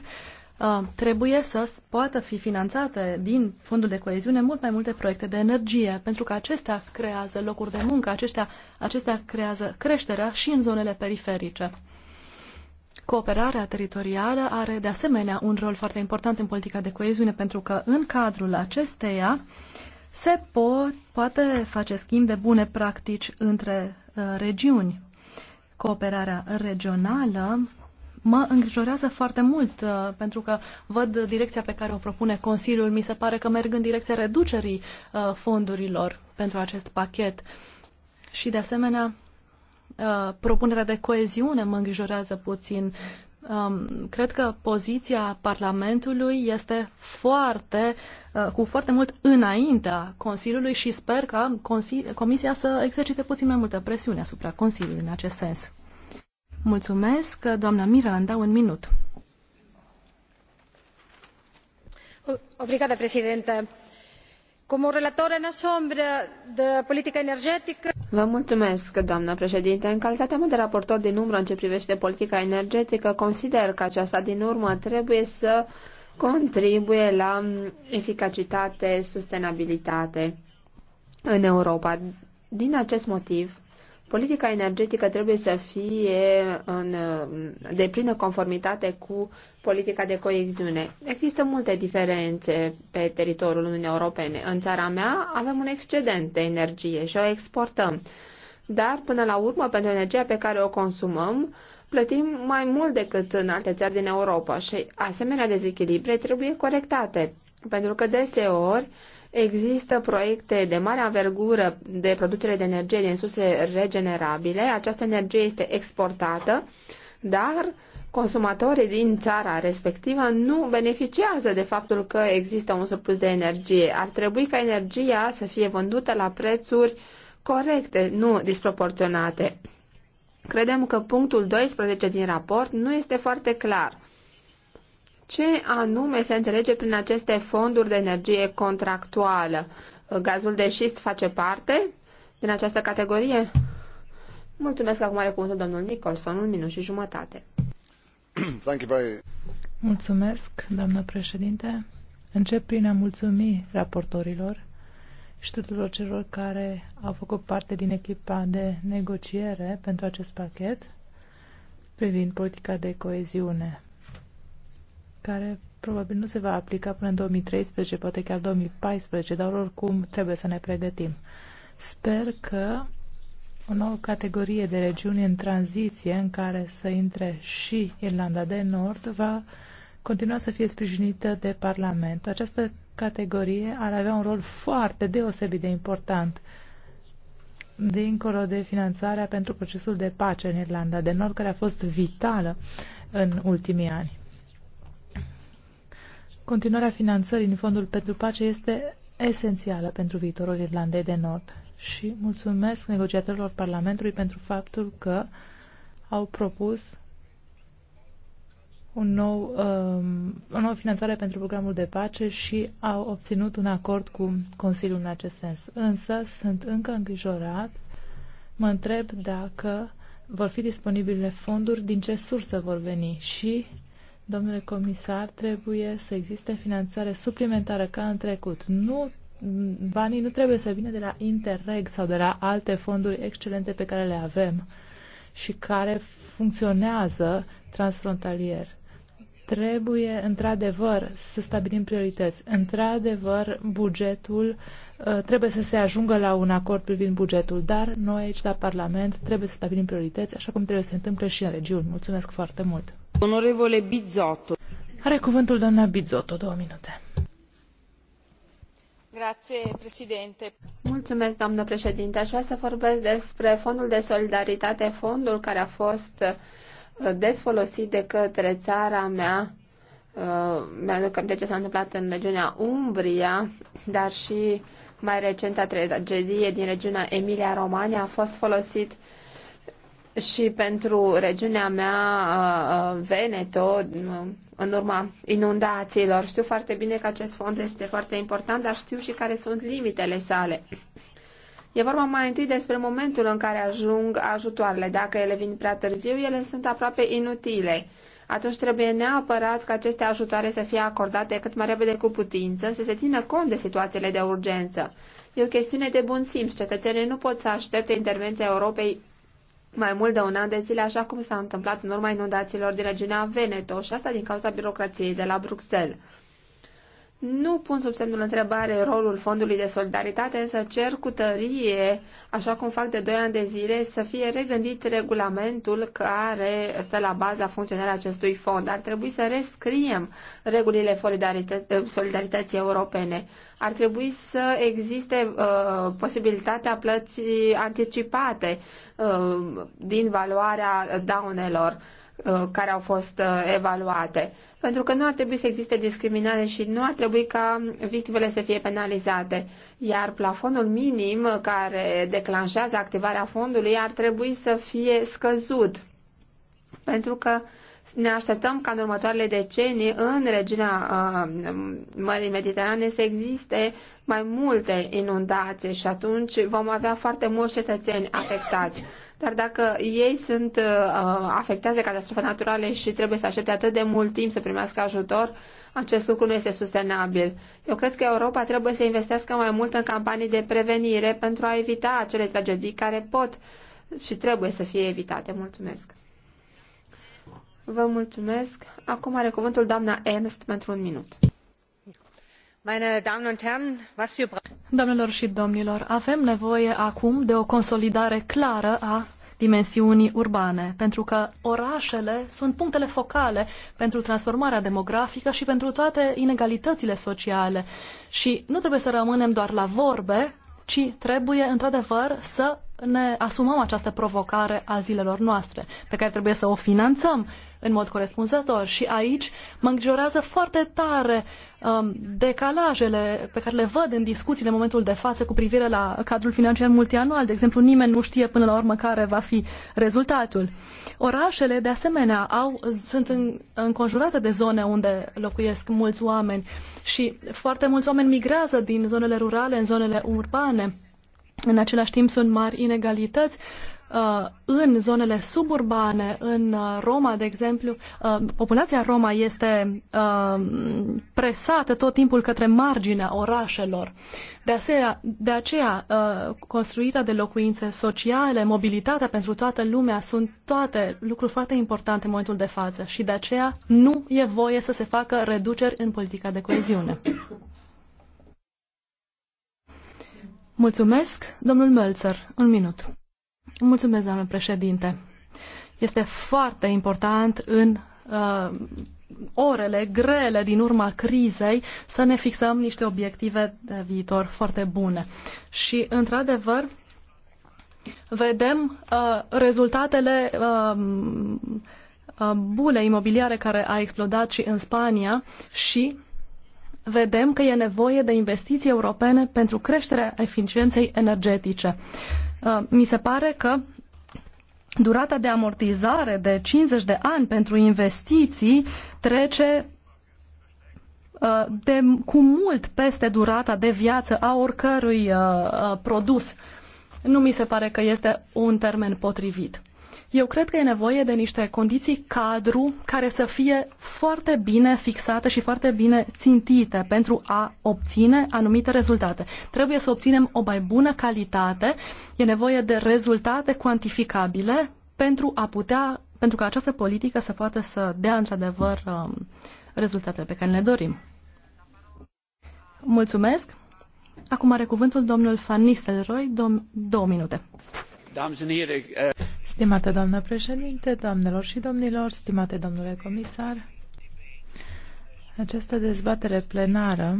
uh, trebuie să poată fi finanțate din fondul de coeziune mult mai multe proiecte de energie, pentru că acestea creează locuri de muncă, acestea, acestea creează creșterea și în zonele periferice. Cooperarea teritorială are de asemenea un rol foarte important în politica de coeziune, pentru că în cadrul acesteia se po poate face schimb de bune practici între uh, regiuni. Cooperarea regională mă îngrijorează foarte mult uh, pentru că văd direcția pe care o propune Consiliul. Mi se pare că merg în direcția reducerii uh, fondurilor pentru acest pachet. Și de asemenea, uh, propunerea de coeziune mă îngrijorează puțin um, cred că poziția Parlamentului este foarte, uh, cu foarte mult înaintea Consiliului și sper ca Comisia să exercite puțin mai multă presiune asupra Consiliului în acest sens. Mulțumesc, doamna Miranda, un minut. Obrigada, președinte. Como relator în sombra de energetică... Vă mulțumesc, doamnă președinte. În calitatea mea de raportor din umbră în ce privește politica energetică, consider că aceasta din urmă trebuie să contribuie la eficacitate, sustenabilitate în Europa. Din acest motiv, politica energetică trebuie să fie în deplină conformitate cu politica de coeziune. Există multe diferențe pe teritoriul Uniunii Europene. În țara mea avem un excedent de energie și o exportăm. Dar, până la urmă, pentru energia pe care o consumăm, plătim mai mult decât în alte țări din Europa și asemenea dezechilibre trebuie corectate, pentru că deseori Există proiecte de mare avergură de producere de energie din surse regenerabile. Această energie este exportată, dar consumatorii din țara respectivă nu beneficiază de faptul că există un surplus de energie. Ar trebui ca energia să fie vândută la prețuri corecte, nu disproporționate. Credem că punctul 12 din raport nu este foarte clar ce anume se înțelege prin aceste fonduri de energie contractuală? Gazul de șist face parte din această categorie? Mulțumesc acum are cuvântul domnul Nicholson, un minut și jumătate. Thank you very... Mulțumesc, doamnă președinte. Încep prin a mulțumi raportorilor și tuturor celor care au făcut parte din echipa de negociere pentru acest pachet privind politica de coeziune care probabil nu se va aplica până în 2013, poate chiar 2014, dar oricum trebuie să ne pregătim. Sper că o nouă categorie de regiuni în tranziție în care să intre și Irlanda de Nord va continua să fie sprijinită de Parlament. Această categorie ar avea un rol foarte deosebit de important dincolo de finanțarea pentru procesul de pace în Irlanda de Nord, care a fost vitală în ultimii ani. Continuarea finanțării din Fondul pentru Pace este esențială pentru viitorul Irlandei de Nord și mulțumesc negociatorilor Parlamentului pentru faptul că au propus un nou, um, o nouă finanțare pentru programul de pace și au obținut un acord cu Consiliul în acest sens. Însă sunt încă îngrijorat, mă întreb dacă vor fi disponibile fonduri, din ce sursă vor veni și domnule comisar, trebuie să existe finanțare suplimentară ca în trecut. Nu banii nu trebuie să vină de la Interreg sau de la alte fonduri excelente pe care le avem și care funcționează transfrontalier. Trebuie, într-adevăr, să stabilim priorități. Într-adevăr, bugetul ă, trebuie să se ajungă la un acord privind bugetul, dar noi aici, la Parlament, trebuie să stabilim priorități, așa cum trebuie să se întâmple și în regiuni. Mulțumesc foarte mult! Onorevole Bizotto. Are cuvântul doamna Bizotto, două minute. Grazie, Mulțumesc, doamnă președinte. Aș vrea să vorbesc despre Fondul de Solidaritate, fondul care a fost des folosit de către țara mea. Uh, mi-aduc aminte ce s-a întâmplat în regiunea Umbria, dar și mai recenta tragedie din regiunea Emilia-Romania a fost folosit și pentru regiunea mea, uh, uh, Veneto, în urma inundațiilor. Știu foarte bine că acest fond este foarte important, dar știu și care sunt limitele sale. E vorba mai întâi despre momentul în care ajung ajutoarele. Dacă ele vin prea târziu, ele sunt aproape inutile. Atunci trebuie neapărat ca aceste ajutoare să fie acordate cât mai repede cu putință, să se țină cont de situațiile de urgență. E o chestiune de bun simț. Cetățenii nu pot să aștepte intervenția Europei mai mult de un an de zile, așa cum s-a întâmplat în urma inundațiilor din regiunea Veneto și asta din cauza birocrației de la Bruxelles. Nu pun sub semnul întrebare rolul Fondului de Solidaritate, însă cer cu tărie, așa cum fac de 2 ani de zile, să fie regândit regulamentul care stă la baza funcționării acestui fond. Ar trebui să rescriem regulile solidarității europene. Ar trebui să existe uh, posibilitatea plății anticipate uh, din valoarea daunelor. Uh, Uh, care au fost uh, evaluate. Pentru că nu ar trebui să existe discriminare și nu ar trebui ca victimele să fie penalizate. Iar plafonul minim care declanșează activarea fondului ar trebui să fie scăzut. Pentru că ne așteptăm ca în următoarele decenii în regiunea uh, Mării Mediterane să existe mai multe inundații și atunci vom avea foarte mulți cetățeni afectați. Dar dacă ei sunt uh, afectați de catastrofe naturale și trebuie să aștepte atât de mult timp să primească ajutor, acest lucru nu este sustenabil. Eu cred că Europa trebuie să investească mai mult în campanii de prevenire pentru a evita acele tragedii care pot și trebuie să fie evitate. Mulțumesc! Vă mulțumesc. Acum are cuvântul doamna Ernst pentru un minut avem nevoie acum de o consolidare clară a dimensiunii urbane, pentru că orașele sunt punctele focale pentru transformarea demografică și pentru toate inegalitățile sociale. Și nu trebuie să rămânem doar la vorbe, ci trebuie într-adevăr să ne asumăm această provocare a zilelor noastre, pe care trebuie să o finanțăm în mod corespunzător. Și aici mă îngrijorează foarte tare um, decalajele pe care le văd în discuțiile în momentul de față cu privire la cadrul financiar multianual. De exemplu, nimeni nu știe până la urmă care va fi rezultatul. Orașele, de asemenea, au, sunt în, înconjurate de zone unde locuiesc mulți oameni și foarte mulți oameni migrează din zonele rurale în zonele urbane. În același timp sunt mari inegalități Uh, în zonele suburbane, în uh, Roma, de exemplu, uh, populația Roma este presată tot timpul către marginea orașelor. De, aceea, de aceea, construirea de locuințe sociale, mobilitatea pentru toată lumea sunt toate lucruri foarte importante în momentul de față și de aceea nu e voie să se facă reduceri în politica de coeziune. Mulțumesc, domnul Mölzer. Un minut. Mulțumesc, doamnă președinte. Este foarte important în uh, orele grele din urma crizei să ne fixăm niște obiective de viitor foarte bune. Și, într-adevăr, vedem uh, rezultatele uh, uh, bule imobiliare care a explodat și în Spania și vedem că e nevoie de investiții europene pentru creșterea eficienței energetice. Uh, mi se pare că durata de amortizare de 50 de ani pentru investiții trece uh, de, cu mult peste durata de viață a oricărui uh, produs. Nu mi se pare că este un termen potrivit. Eu cred că e nevoie de niște condiții cadru care să fie foarte bine fixate și foarte bine țintite pentru a obține anumite rezultate. Trebuie să obținem o mai bună calitate, e nevoie de rezultate cuantificabile pentru a putea, pentru ca această politică să poată să dea într-adevăr um, rezultatele pe care le dorim. Mulțumesc. Acum are cuvântul domnul Van Nistelrooy, dom- două minute. Stimată doamnă președinte, doamnelor și domnilor, stimate domnule comisar, această dezbatere plenară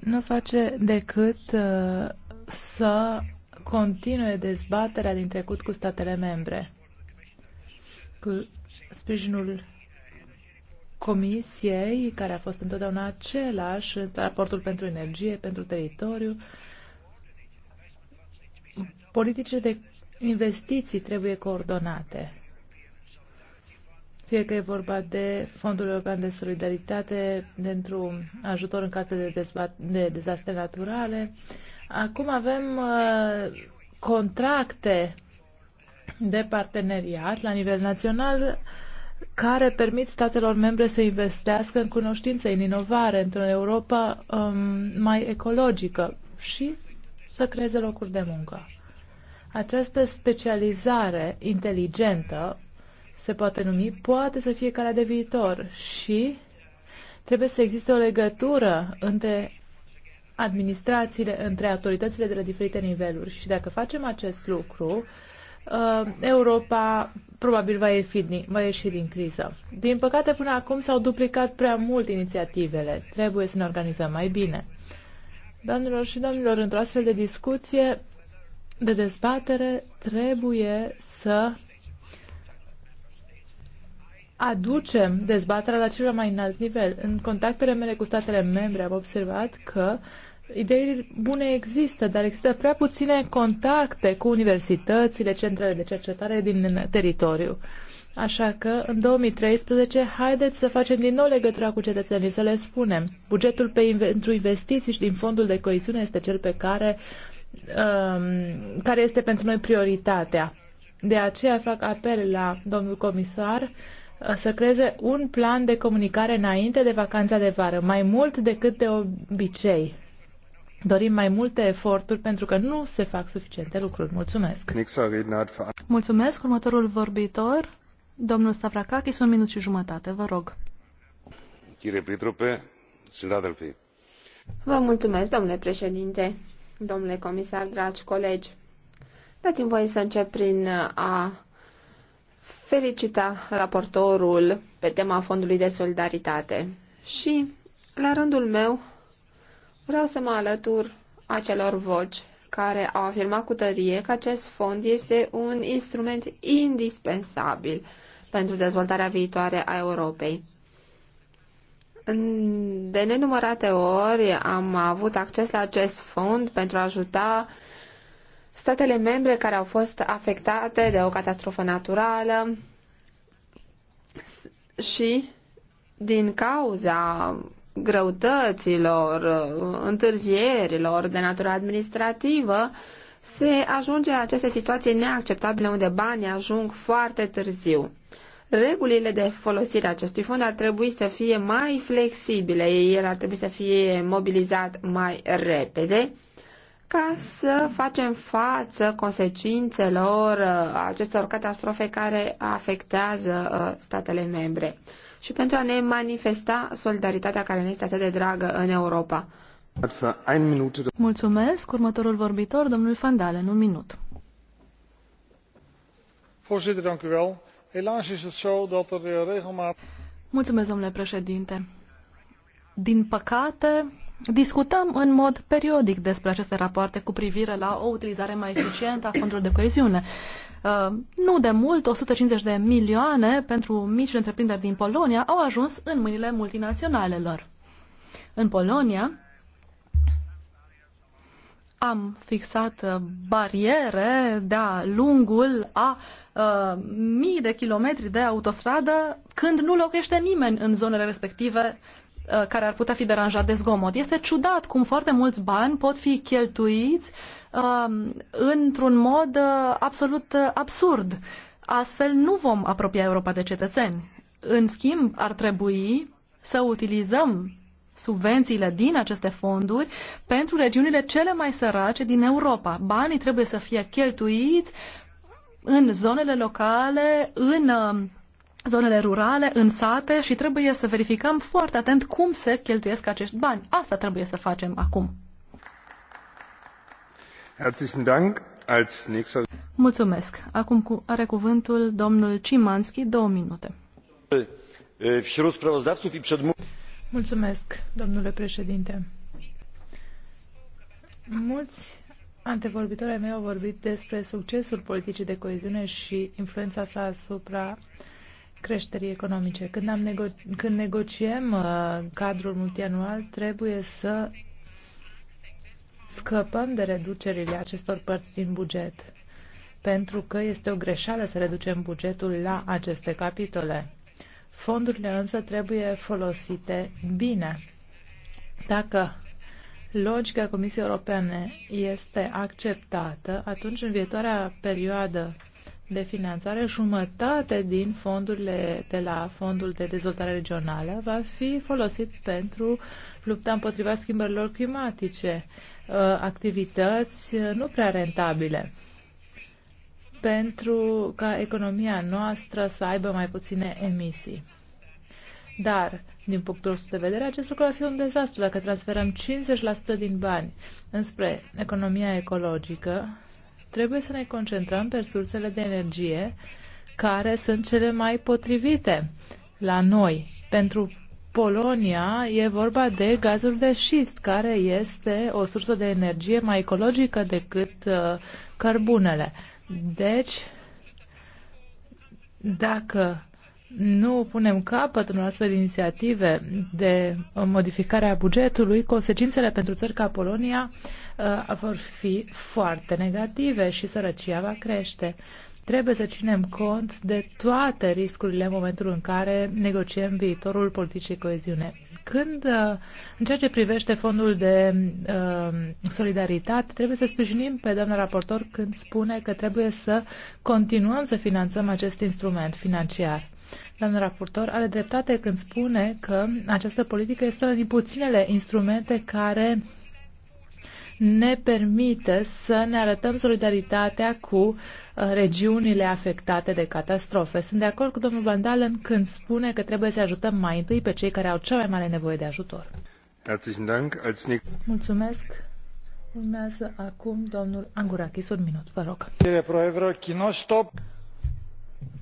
nu face decât uh, să continue dezbaterea din trecut cu statele membre. Cu sprijinul Comisiei, care a fost întotdeauna același, raportul pentru energie, pentru teritoriu, Politicile de investiții trebuie coordonate. Fie că e vorba de Fondul European de Solidaritate pentru ajutor în caz de, de dezastre naturale. Acum avem uh, contracte de parteneriat la nivel național care permit statelor membre să investească în cunoștință, în inovare, într-o Europa um, mai ecologică și să creeze locuri de muncă. Această specializare inteligentă, se poate numi, poate să fie calea de viitor și trebuie să existe o legătură între administrațiile, între autoritățile de la diferite niveluri. Și dacă facem acest lucru, uh, Europa probabil va ieși, din, va ieși din criză. Din păcate, până acum s-au duplicat prea mult inițiativele. Trebuie să ne organizăm mai bine. Doamnelor și domnilor, într-o astfel de discuție, de dezbatere trebuie să aducem dezbaterea la cel mai înalt nivel. În contactele mele cu statele membre am observat că idei bune există, dar există prea puține contacte cu universitățile, centrele de cercetare din teritoriu. Așa că, în 2013, haideți să facem din nou legătura cu cetățenii, să le spunem. Bugetul pentru investiții și din fondul de coeziune este cel pe care um, care este pentru noi prioritatea. De aceea fac apel la domnul comisar uh, să creeze un plan de comunicare înainte de vacanța de vară, mai mult decât de obicei. Dorim mai multe eforturi pentru că nu se fac suficiente lucruri. Mulțumesc! Mulțumesc! Următorul vorbitor, domnul Stavrakakis, un minut și jumătate, vă rog. Vă mulțumesc, domnule președinte! domnule comisar, dragi colegi. Dați-mi voie să încep prin a felicita raportorul pe tema Fondului de Solidaritate. Și, la rândul meu, vreau să mă alătur acelor voci care au afirmat cu tărie că acest fond este un instrument indispensabil pentru dezvoltarea viitoare a Europei de nenumărate ori am avut acces la acest fond pentru a ajuta statele membre care au fost afectate de o catastrofă naturală și din cauza greutăților, întârzierilor de natură administrativă, se ajunge la aceste situații neacceptabile unde banii ajung foarte târziu. Regulile de folosire a acestui fond ar trebui să fie mai flexibile, el ar trebui să fie mobilizat mai repede ca să facem față consecințelor uh, acestor catastrofe care afectează uh, statele membre și pentru a ne manifesta solidaritatea care ne este atât de dragă în Europa. Mulțumesc. Următorul vorbitor, domnul Fandale, în un minut. Voorzitter, dank u wel. Helaas is het zo dat er eh, regelmatig... Mulțumesc, domnule președinte. Din păcate, discutăm în mod periodic despre aceste rapoarte cu privire la o utilizare mai eficientă a fondurilor de coeziune. Uh, nu de mult, 150 de milioane pentru mici întreprinderi din Polonia au ajuns în mâinile multinaționalelor. În Polonia, am fixat uh, bariere de-a lungul a uh, mii de kilometri de autostradă când nu locuiește nimeni în zonele respective uh, care ar putea fi deranjat de zgomot. Este ciudat cum foarte mulți bani pot fi cheltuiți uh, într-un mod uh, absolut absurd. Astfel nu vom apropia Europa de cetățeni. În schimb, ar trebui să utilizăm subvențiile din aceste fonduri pentru regiunile cele mai sărace din Europa. Banii trebuie să fie cheltuiți în zonele locale, în um, zonele rurale, în sate și trebuie să verificăm foarte atent cum se cheltuiesc acești bani. Asta trebuie să facem acum. Herzlichen Dank. Als nächster... Mulțumesc. Acum are cuvântul domnul Cimanski, două minute. Wśród Mulțumesc, domnule președinte. Mulți antevorbitorii mei au vorbit despre succesul politicii de coeziune și influența sa asupra creșterii economice. Când, am nego- când negociem uh, cadrul multianual, trebuie să scăpăm de reducerile acestor părți din buget, pentru că este o greșeală să reducem bugetul la aceste capitole. Fondurile însă trebuie folosite bine. Dacă logica Comisiei Europene este acceptată, atunci în viitoarea perioadă de finanțare, jumătate din fondurile de la Fondul de Dezvoltare Regională va fi folosit pentru lupta împotriva schimbărilor climatice, ă, activități nu prea rentabile pentru ca economia noastră să aibă mai puține emisii. Dar, din punctul nostru de vedere, acest lucru va fi un dezastru dacă transferăm 50% din bani înspre economia ecologică. Trebuie să ne concentrăm pe sursele de energie care sunt cele mai potrivite la noi. Pentru Polonia e vorba de gazul de șist, care este o sursă de energie mai ecologică decât uh, cărbunele. Deci, dacă nu punem capăt în astfel de inițiative de modificare a bugetului, consecințele pentru țări ca Polonia uh, vor fi foarte negative și sărăcia va crește. Trebuie să ținem cont de toate riscurile în momentul în care negociem viitorul politicii coeziune. Când, uh, în ceea ce privește fondul de uh, solidaritate, trebuie să sprijinim pe doamna raportor când spune că trebuie să continuăm să finanțăm acest instrument financiar. Doamna raportor are dreptate când spune că această politică este una din puținele instrumente care ne permite să ne arătăm solidaritatea cu uh, regiunile afectate de catastrofe. Sunt de acord cu domnul Bandalen când spune că trebuie să ajutăm mai întâi pe cei care au cea mai mare nevoie de ajutor. Mulțumesc. Urmează acum domnul Angurakis, un minut, vă rog.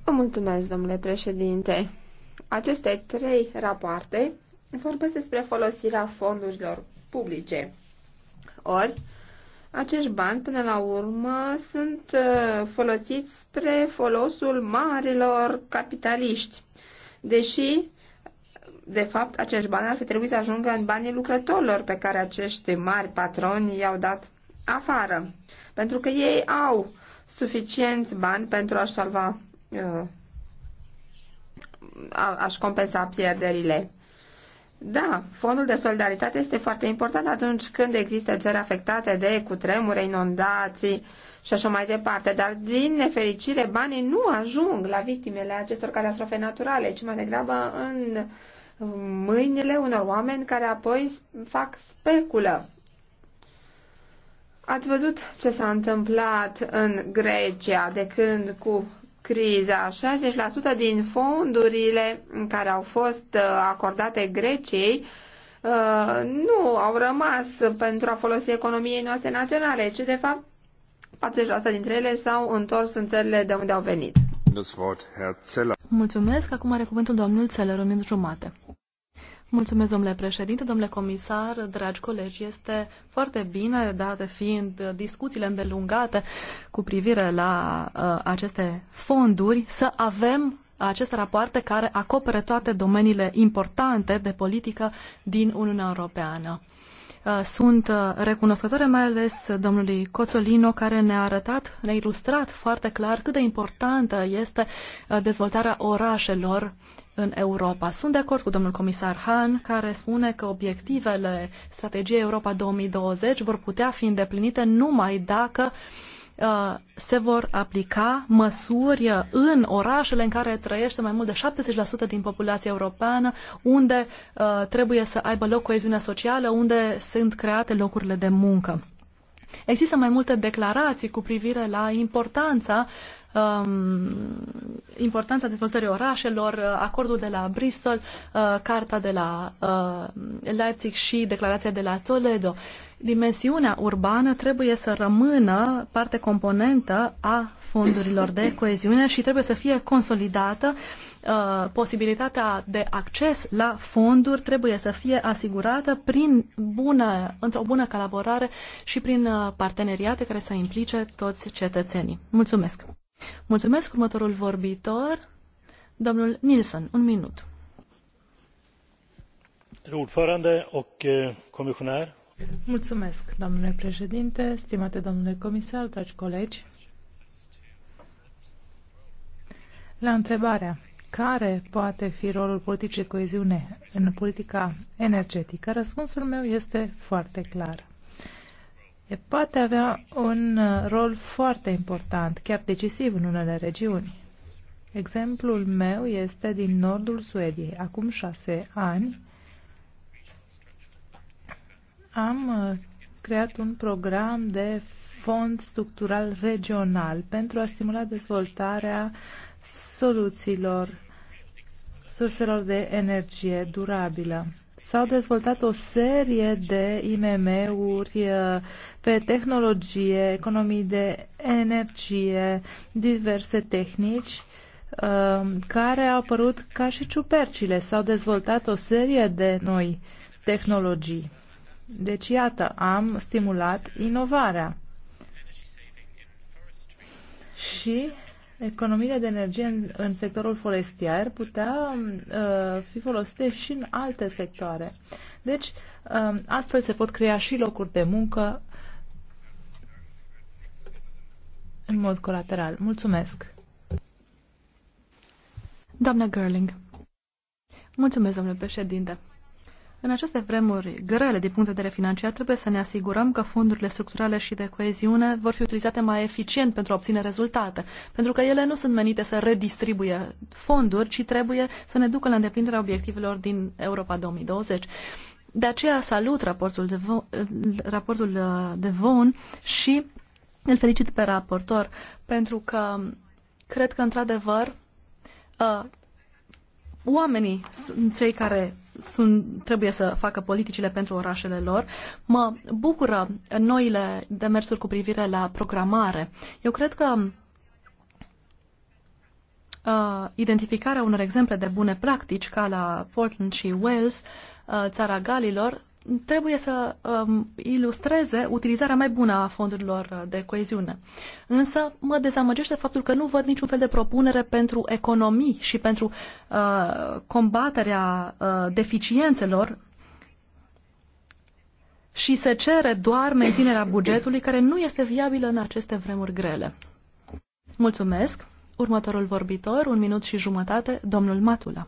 Vă mulțumesc, domnule președinte. Aceste trei rapoarte vorbesc despre folosirea fondurilor publice ori, acești bani, până la urmă, sunt uh, folosiți spre folosul marilor capitaliști, deși, de fapt, acești bani ar fi trebuit să ajungă în banii lucrătorilor pe care acești mari patroni i-au dat afară, pentru că ei au suficienți bani pentru a-și salva, uh, a-și compensa pierderile. Da, fondul de solidaritate este foarte important atunci când există țări afectate de cutremure, inundații și așa mai departe, dar din nefericire banii nu ajung la victimele acestor catastrofe naturale, ci mai degrabă în mâinile unor oameni care apoi fac speculă. Ați văzut ce s-a întâmplat în Grecia de când cu criza. 60% din fondurile care au fost uh, acordate Greciei uh, nu au rămas pentru a folosi economiei noastre naționale, ci de fapt 40% dintre ele s-au întors în țările de unde au venit. Mulțumesc. Acum are cuvântul domnul Țeler, o minut jumate. Mulțumesc, domnule președinte, domnule comisar, dragi colegi. Este foarte bine, date fiind discuțiile îndelungate cu privire la uh, aceste fonduri, să avem aceste rapoarte care acopere toate domeniile importante de politică din Uniunea Europeană. Uh, sunt uh, recunoscătoare mai ales domnului Coțolino care ne-a arătat, ne-a ilustrat foarte clar cât de importantă este uh, dezvoltarea orașelor în Europa. Sunt de acord cu domnul comisar Han, care spune că obiectivele strategiei Europa 2020 vor putea fi îndeplinite numai dacă uh, se vor aplica măsuri în orașele în care trăiește mai mult de 70% din populația europeană, unde uh, trebuie să aibă loc coeziunea socială, unde sunt create locurile de muncă. Există mai multe declarații cu privire la importanța um, importanța dezvoltării orașelor, uh, acordul de la Bristol, uh, carta de la uh, Leipzig și declarația de la Toledo. Dimensiunea urbană trebuie să rămână parte componentă a fondurilor de coeziune și trebuie să fie consolidată uh, posibilitatea de acces la fonduri trebuie să fie asigurată prin bună, într-o bună colaborare și prin uh, parteneriate care să implice toți cetățenii. Mulțumesc! Mulțumesc următorul vorbitor, domnul Nilsson, un minut. Ordförande och eh, kommissionär. Mulțumesc, domnule președinte, stimate domnule comisar, dragi colegi. La întrebarea care poate fi rolul politicii coeziune în politica energetică, răspunsul meu este foarte clar poate avea un uh, rol foarte important, chiar decisiv în unele regiuni. Exemplul meu este din nordul Suediei. Acum șase ani am uh, creat un program de fond structural regional pentru a stimula dezvoltarea soluțiilor surselor de energie durabilă s-au dezvoltat o serie de IMM-uri uh, pe tehnologie, economii de energie, diverse tehnici um, care au apărut ca și ciupercile. S-au dezvoltat o serie de noi tehnologii. Deci, iată, am stimulat inovarea. Și economiile de energie în, în sectorul forestier putea uh, fi folosite și în alte sectoare. Deci, uh, astfel se pot crea și locuri de muncă în mod colateral. Mulțumesc! Doamna Gerling. Mulțumesc, domnule președinte. În aceste vremuri grele din punct de vedere financiar, trebuie să ne asigurăm că fondurile structurale și de coeziune vor fi utilizate mai eficient pentru a obține rezultate, pentru că ele nu sunt menite să redistribuie fonduri, ci trebuie să ne ducă la îndeplinirea obiectivelor din Europa 2020. De aceea salut raportul de, Vo- raportul uh, de Von și îl felicit pe raportor, pentru că cred că, într-adevăr, uh, oamenii sunt cei care sunt, trebuie să facă politicile pentru orașele lor. Mă bucură noile demersuri cu privire la programare. Eu cred că uh, identificarea unor exemple de bune practici, ca la Portland și Wales, uh, țara Galilor, trebuie să um, ilustreze utilizarea mai bună a fondurilor de coeziune. Însă mă dezamăgește faptul că nu văd niciun fel de propunere pentru economii și pentru uh, combaterea uh, deficiențelor și se cere doar menținerea bugetului care nu este viabilă în aceste vremuri grele. Mulțumesc. Următorul vorbitor, un minut și jumătate, domnul Matula.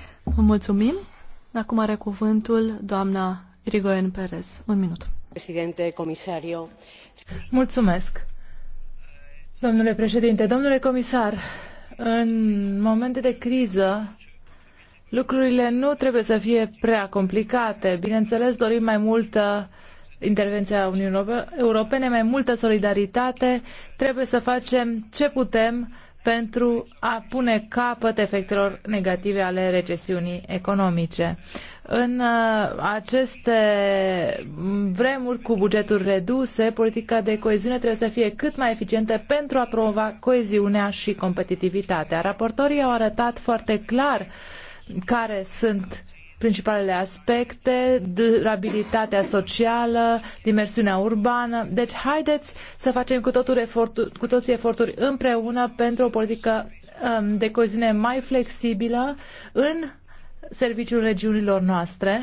Vă mulțumim. Acum are cuvântul doamna Rigoen Perez. Un minut. Președinte, comisario. Mulțumesc. Domnule președinte, domnule comisar, în momente de criză, lucrurile nu trebuie să fie prea complicate. Bineînțeles, dorim mai multă intervenția Uniunii Europene, mai multă solidaritate. Trebuie să facem ce putem pentru a pune capăt efectelor negative ale recesiunii economice. În uh, aceste vremuri cu bugeturi reduse, politica de coeziune trebuie să fie cât mai eficientă pentru a promova coeziunea și competitivitatea. Raportorii au arătat foarte clar care sunt principalele aspecte, durabilitatea socială, dimensiunea urbană. Deci haideți să facem cu, totul eforturi, cu toții eforturi împreună pentru o politică um, de coziune mai flexibilă în serviciul regiunilor noastre.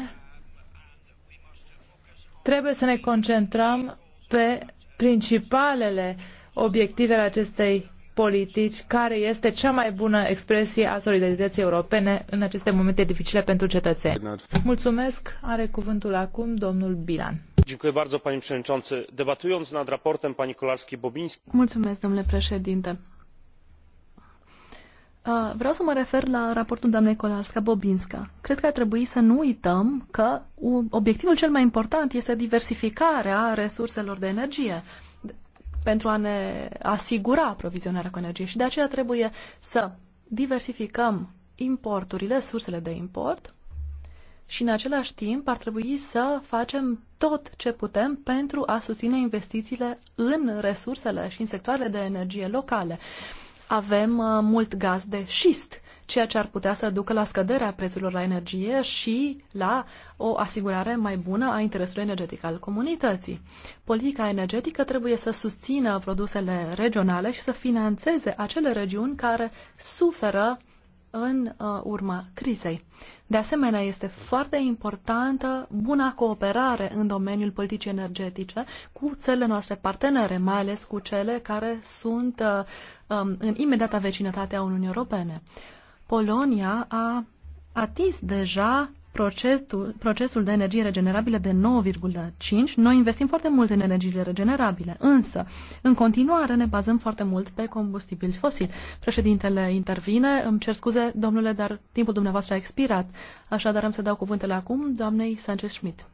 Trebuie să ne concentrăm pe principalele obiective ale acestei politici care este cea mai bună expresie a solidarității europene în aceste momente dificile pentru cetățeni. Mulțumesc. Are cuvântul acum domnul Bilan. Debatując nad raportem pani Kolarski bobińskiej Mulțumesc, domnule președinte. Vreau să mă refer la raportul doamnei Kolarska-Bobinska. Cred că ar trebui să nu uităm că obiectivul cel mai important este diversificarea resurselor de energie pentru a ne asigura aprovizionarea cu energie și de aceea trebuie să diversificăm importurile, sursele de import și în același timp ar trebui să facem tot ce putem pentru a susține investițiile în resursele și în sectoarele de energie locale. Avem uh, mult gaz de șist ceea ce ar putea să ducă la scăderea prețurilor la energie și la o asigurare mai bună a interesului energetic al comunității. Politica energetică trebuie să susțină produsele regionale și să financeze acele regiuni care suferă în uh, urma crizei. De asemenea, este foarte importantă buna cooperare în domeniul politicii energetice cu țările noastre partenere, mai ales cu cele care sunt uh, um, în imediata vecinătate a Uniunii Europene. Polonia a atins deja procesul, procesul de energie regenerabilă de 9,5. Noi investim foarte mult în energiile regenerabile, însă, în continuare, ne bazăm foarte mult pe combustibili fosili. Președintele intervine, îmi cer scuze, domnule, dar timpul dumneavoastră a expirat, așadar am să dau cuvântele acum doamnei Sanchez-Schmidt.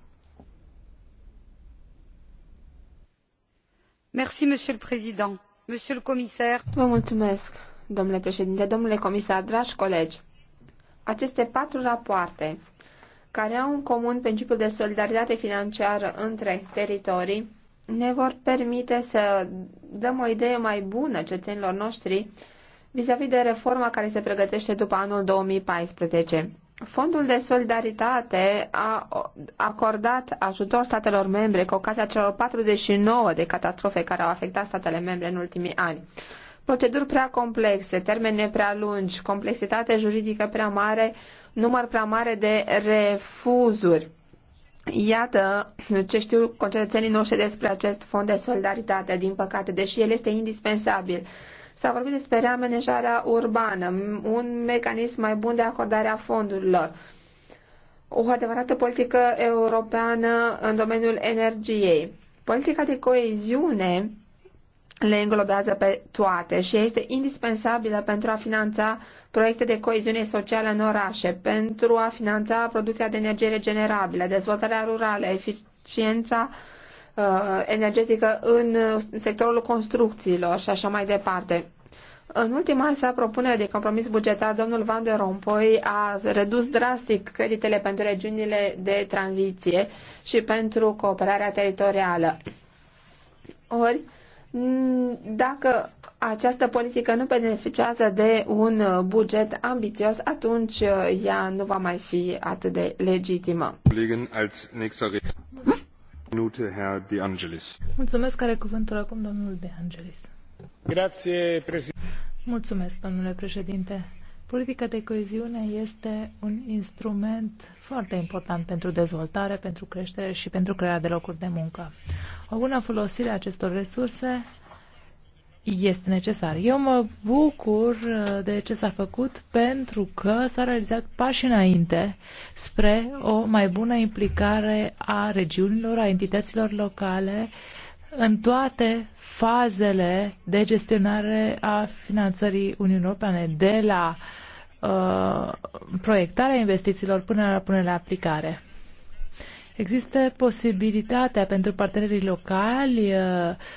Merci, monsieur le président. Monsieur le commissaire. Vă mulțumesc domnule președinte, domnule comisar, dragi colegi. Aceste patru rapoarte, care au în comun principiul de solidaritate financiară între teritorii, ne vor permite să dăm o idee mai bună cetățenilor noștri vis-a-vis -vis de reforma care se pregătește după anul 2014. Fondul de solidaritate a acordat ajutor statelor membre cu ocazia celor 49 de catastrofe care au afectat statele membre în ultimii ani proceduri prea complexe, termene prea lungi, complexitate juridică prea mare, număr prea mare de refuzuri. Iată ce știu concetățenii noștri despre acest fond de solidaritate, din păcate, deși el este indispensabil. S-a vorbit despre reamenejarea urbană, un mecanism mai bun de acordare a fondurilor, o adevărată politică europeană în domeniul energiei. Politica de coeziune le înglobează pe toate și este indispensabilă pentru a finanța proiecte de coeziune socială în orașe, pentru a finanța producția de energie regenerabilă, dezvoltarea rurală, eficiența uh, energetică în uh, sectorul construcțiilor și așa mai departe. În ultima sa propunere de compromis bugetar, domnul Van der Rompuy a redus drastic creditele pentru regiunile de tranziție și pentru cooperarea teritorială. Ori, Mm, dacă această politică nu beneficiază de un uh, buget ambițios, atunci uh, ea nu va mai fi atât de legitimă. Mulțumesc, care cuvântul acum domnul De Angelis. Grazie, Mulțumesc, domnule președinte. Politica de coeziune este un instrument foarte important pentru dezvoltare, pentru creștere și pentru crearea de locuri de muncă. O bună folosire a acestor resurse este necesară. Eu mă bucur uh, de ce s-a făcut pentru că s-a realizat pași înainte spre o mai bună implicare a regiunilor, a entităților locale în toate fazele de gestionare a finanțării Uniunii Europene, de la uh, proiectarea investițiilor până la punerea la aplicare. Există posibilitatea pentru partenerii locali uh,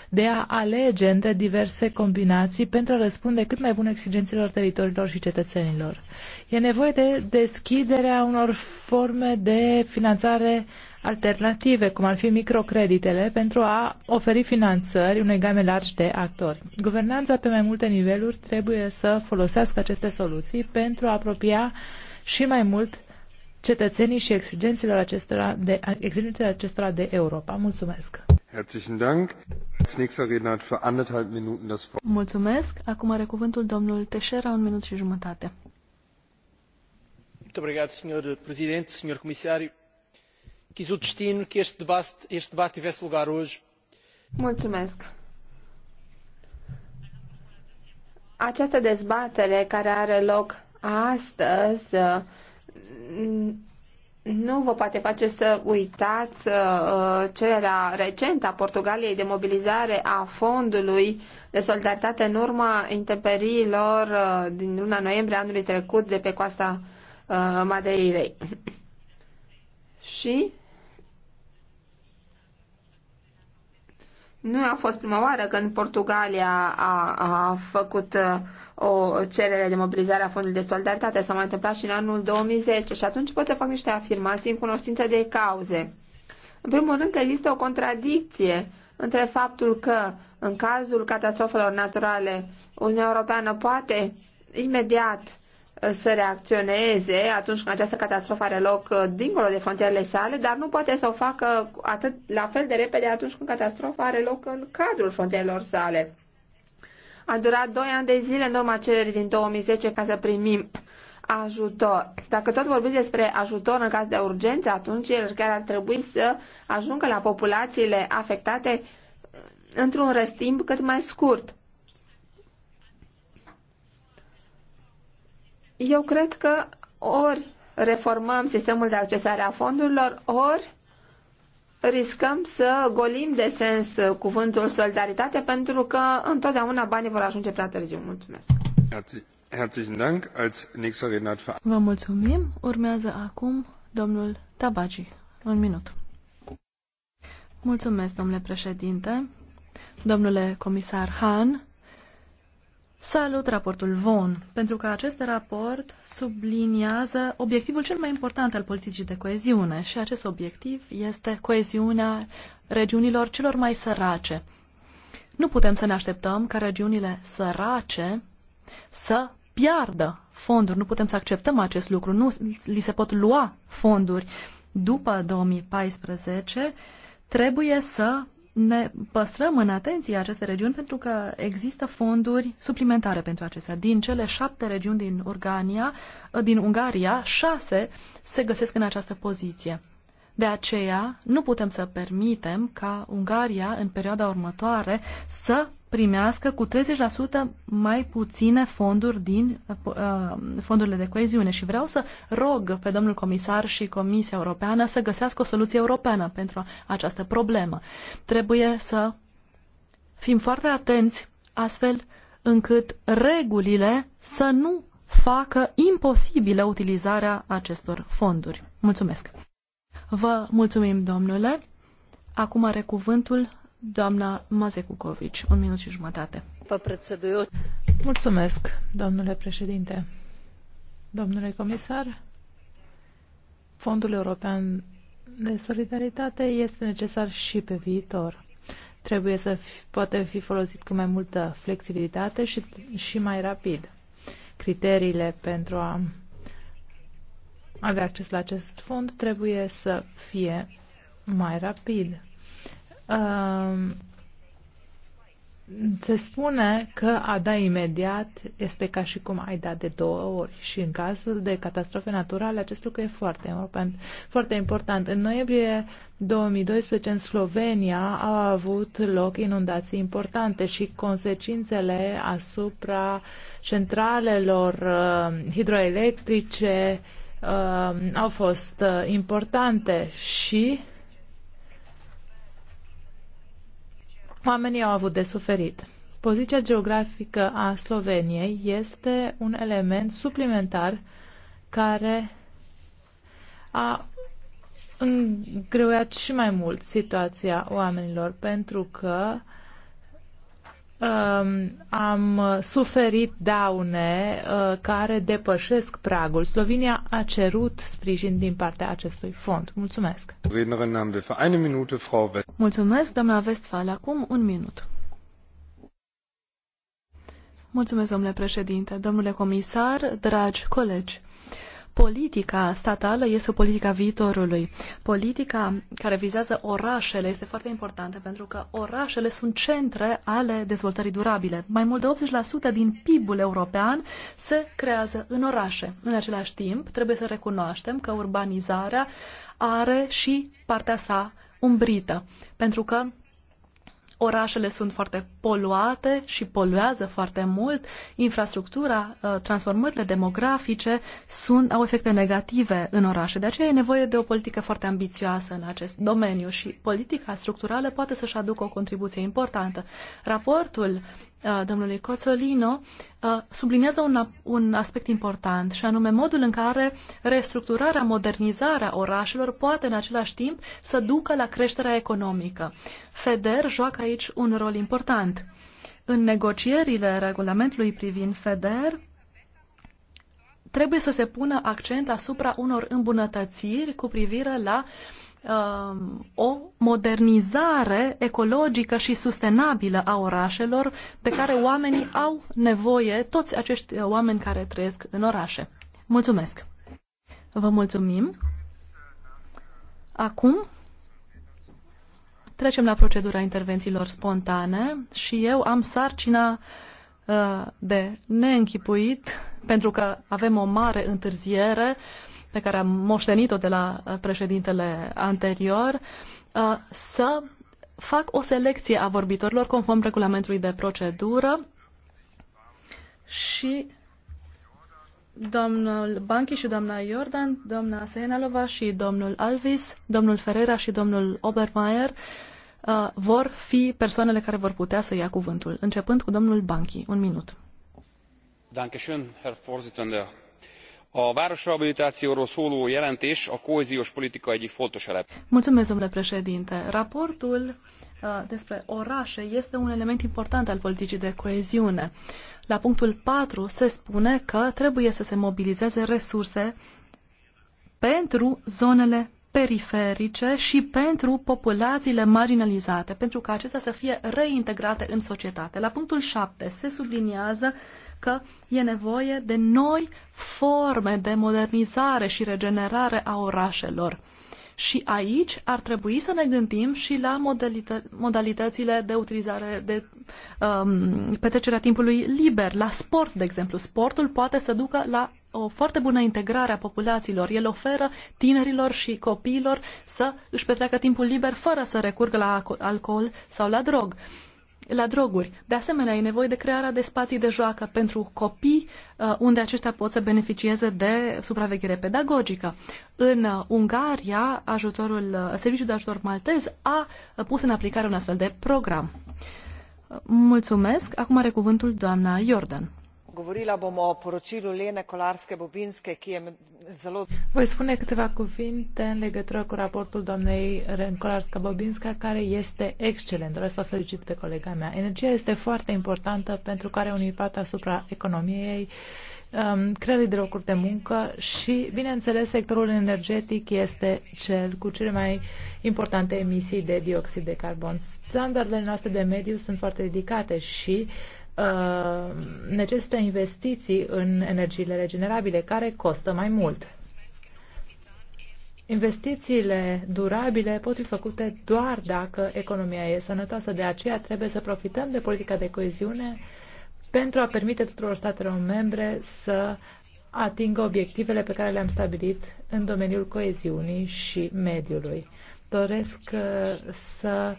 de a alege între diverse combinații pentru a răspunde cât mai bun exigențelor teritoriilor și cetățenilor. E nevoie de deschiderea unor forme de finanțare alternative, cum ar fi microcreditele, pentru a oferi finanțări unei game largi de actori. Guvernanța pe mai multe niveluri trebuie să folosească aceste soluții pentru a apropia și mai mult cetățenii și exigențelor acestora de, exigențele acestora de Europa. Mulțumesc! Mulțumesc! Acum are cuvântul domnul Teșera, un minut și jumătate. Muito obrigado, senhor presidente, senhor comissário quis o destino que este debate, este debate tivesse lugar hoje. Mulțumesc. Această dezbatere care are loc astăzi nu vă poate face să uitați cererea recentă a Portugaliei de mobilizare a fondului de solidaritate în urma intemperiilor uh, din luna noiembrie anului trecut de pe coasta uh, Madeirei. Și Nu a fost prima oară când Portugalia a, a făcut uh, o cerere de mobilizare a fondului de solidaritate. S-a mai întâmplat și în anul 2010 și atunci pot să fac niște afirmații în cunoștință de cauze. În primul rând că există o contradicție între faptul că în cazul catastrofelor naturale Uniunea Europeană poate imediat să reacționeze atunci când această catastrofă are loc uh, dincolo de frontierele sale, dar nu poate să o facă atât la fel de repede atunci când catastrofa are loc în cadrul frontierelor sale. A durat 2 ani de zile în urma cererii din 2010 ca să primim ajutor. Dacă tot vorbim despre ajutor în caz de urgență, atunci el chiar ar trebui să ajungă la populațiile afectate uh, într-un răstimp cât mai scurt. Eu cred că ori reformăm sistemul de accesare a fondurilor, ori riscăm să golim de sens cuvântul solidaritate pentru că întotdeauna banii vor ajunge prea târziu. Mulțumesc! Vă mulțumim. Urmează acum domnul Tabaci. Un minut. Mulțumesc, domnule președinte. Domnule comisar Han, Salut raportul VON, pentru că acest raport subliniază obiectivul cel mai important al politicii de coeziune și acest obiectiv este coeziunea regiunilor celor mai sărace. Nu putem să ne așteptăm ca regiunile sărace să piardă fonduri. Nu putem să acceptăm acest lucru. Nu li se pot lua fonduri. După 2014 trebuie să ne păstrăm în atenție aceste regiuni pentru că există fonduri suplimentare pentru acestea. Din cele șapte regiuni din, Urgania, din Ungaria, șase se găsesc în această poziție. De aceea, nu putem să permitem ca Ungaria, în perioada următoare, să primească cu 30% mai puține fonduri din uh, fondurile de coeziune și vreau să rog pe domnul comisar și Comisia Europeană să găsească o soluție europeană pentru această problemă. Trebuie să fim foarte atenți astfel încât regulile să nu facă imposibilă utilizarea acestor fonduri. Mulțumesc! Vă mulțumim, domnule! Acum are cuvântul Doamna Mazekukovici, un minut și jumătate. Mulțumesc, domnule președinte. Domnule comisar, Fondul European de Solidaritate este necesar și pe viitor. Trebuie să fi, poate fi folosit cu mai multă flexibilitate și, și mai rapid. Criteriile pentru a avea acces la acest fond trebuie să fie mai rapid se spune că a da imediat este ca și cum ai da de două ori și în cazul de catastrofe naturale acest lucru e foarte important. Foarte important. În noiembrie 2012 în Slovenia au avut loc inundații importante și consecințele asupra centralelor uh, hidroelectrice uh, au fost uh, importante și uh, Oamenii au avut de suferit. Poziția geografică a Sloveniei este un element suplimentar care a îngreuiat și mai mult situația oamenilor pentru că Um, am uh, suferit daune uh, care depășesc pragul. Slovenia a cerut sprijin din partea acestui fond. Mulțumesc. Mulțumesc, doamna Westphal. Acum un minut. Mulțumesc, domnule președinte, domnule comisar, dragi colegi politica statală este politica viitorului. Politica care vizează orașele este foarte importantă pentru că orașele sunt centre ale dezvoltării durabile. Mai mult de 80% din PIB-ul european se creează în orașe. În același timp, trebuie să recunoaștem că urbanizarea are și partea sa umbrită, pentru că orașele sunt foarte poluate și poluează foarte mult, infrastructura, uh, transformările demografice sunt, au efecte negative în orașe. De aceea e nevoie de o politică foarte ambițioasă în acest domeniu și politica structurală poate să-și aducă o contribuție importantă. Raportul domnului Coțolino sublinează un, un aspect important și anume modul în care restructurarea, modernizarea orașelor poate în același timp să ducă la creșterea economică. FEDER joacă aici un rol important. În negocierile regulamentului privind FEDER, trebuie să se pună accent asupra unor îmbunătățiri cu privire la uh, Um, o modernizare ecologică și sustenabilă a orașelor de care oamenii au nevoie, toți acești oameni care trăiesc în orașe. Mulțumesc! Vă mulțumim! Acum trecem la procedura intervențiilor spontane și eu am sarcina uh, de neînchipuit pentru că avem o mare întârziere pe care am moștenit-o de la uh, președintele anterior, uh, să fac o selecție a vorbitorilor conform regulamentului de procedură și domnul Banchi și doamna Jordan, doamna Seinalova și domnul Alvis, domnul Ferreira și domnul Obermeier uh, vor fi persoanele care vor putea să ia cuvântul, începând cu domnul Banchi. Un minut. Herr Vorsitzender a városrehabilitációról szóló jelentés a kohéziós politika egyik fontos eleme. Mulțumesc, domnule președinte. Raportul uh, despre orașe este un element important al politicii de coeziune. La punctul 4 se spune că trebuie să se mobilizeze resurse pentru zonele periferice și pentru populațiile marginalizate, pentru ca acestea să fie reintegrate în societate. La punctul 7 se subliniază uh, că e nevoie de noi forme de modernizare și regenerare a orașelor. Și aici ar trebui să ne gândim și la modalită- modalitățile de utilizare, de um, petrecerea timpului liber, la sport, de exemplu. Sportul poate să ducă la o foarte bună integrare a populațiilor. El oferă tinerilor și copiilor să își petreacă timpul liber fără să recurgă la alcool sau la drog la droguri. De asemenea, e nevoie de crearea de spații de joacă pentru copii, uh, unde aceștia pot să beneficieze de supraveghere pedagogică. În uh, Ungaria, ajutorul, uh, Serviciul de Ajutor Maltez a pus în aplicare un astfel de program. Mulțumesc. Acum are cuvântul doamna Jordan govorila bom o poročilu Lene Kolarske Bobinske, ki je zelo. Voi spune câteva cuvinte în legătură cu raportul doamnei Rencolarska Bobinska, care este excelent. Doresc să o felicit pe colega mea. Energia este foarte importantă pentru care are un impact asupra economiei, um, creării de locuri de muncă și, bineînțeles, sectorul energetic este cel cu cele mai importante emisii de dioxid de carbon. Standardele noastre de mediu sunt foarte ridicate și uh, Uh, necesită investiții în energiile regenerabile, care costă mai mult. Investițiile durabile pot fi făcute doar dacă economia e sănătoasă, de aceea trebuie să profităm de politica de coeziune pentru a permite tuturor statelor membre să atingă obiectivele pe care le-am stabilit în domeniul coeziunii și mediului. Doresc uh, să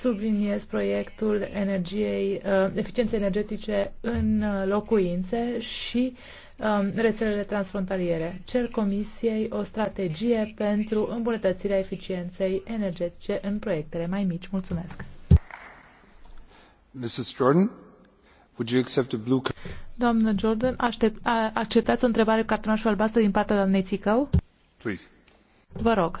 subliniez proiectul energiei, uh, eficienței energetice în uh, locuințe și um, rețelele transfrontaliere. Cer Comisiei o strategie pentru îmbunătățirea eficienței energetice în proiectele mai mici. Mulțumesc. Mrs. Jordan, would you accept a blue card? Doamnă Jordan, aștept, acceptați o întrebare cu cartonașul albastru din partea doamnei Țicău? Please. Vă rog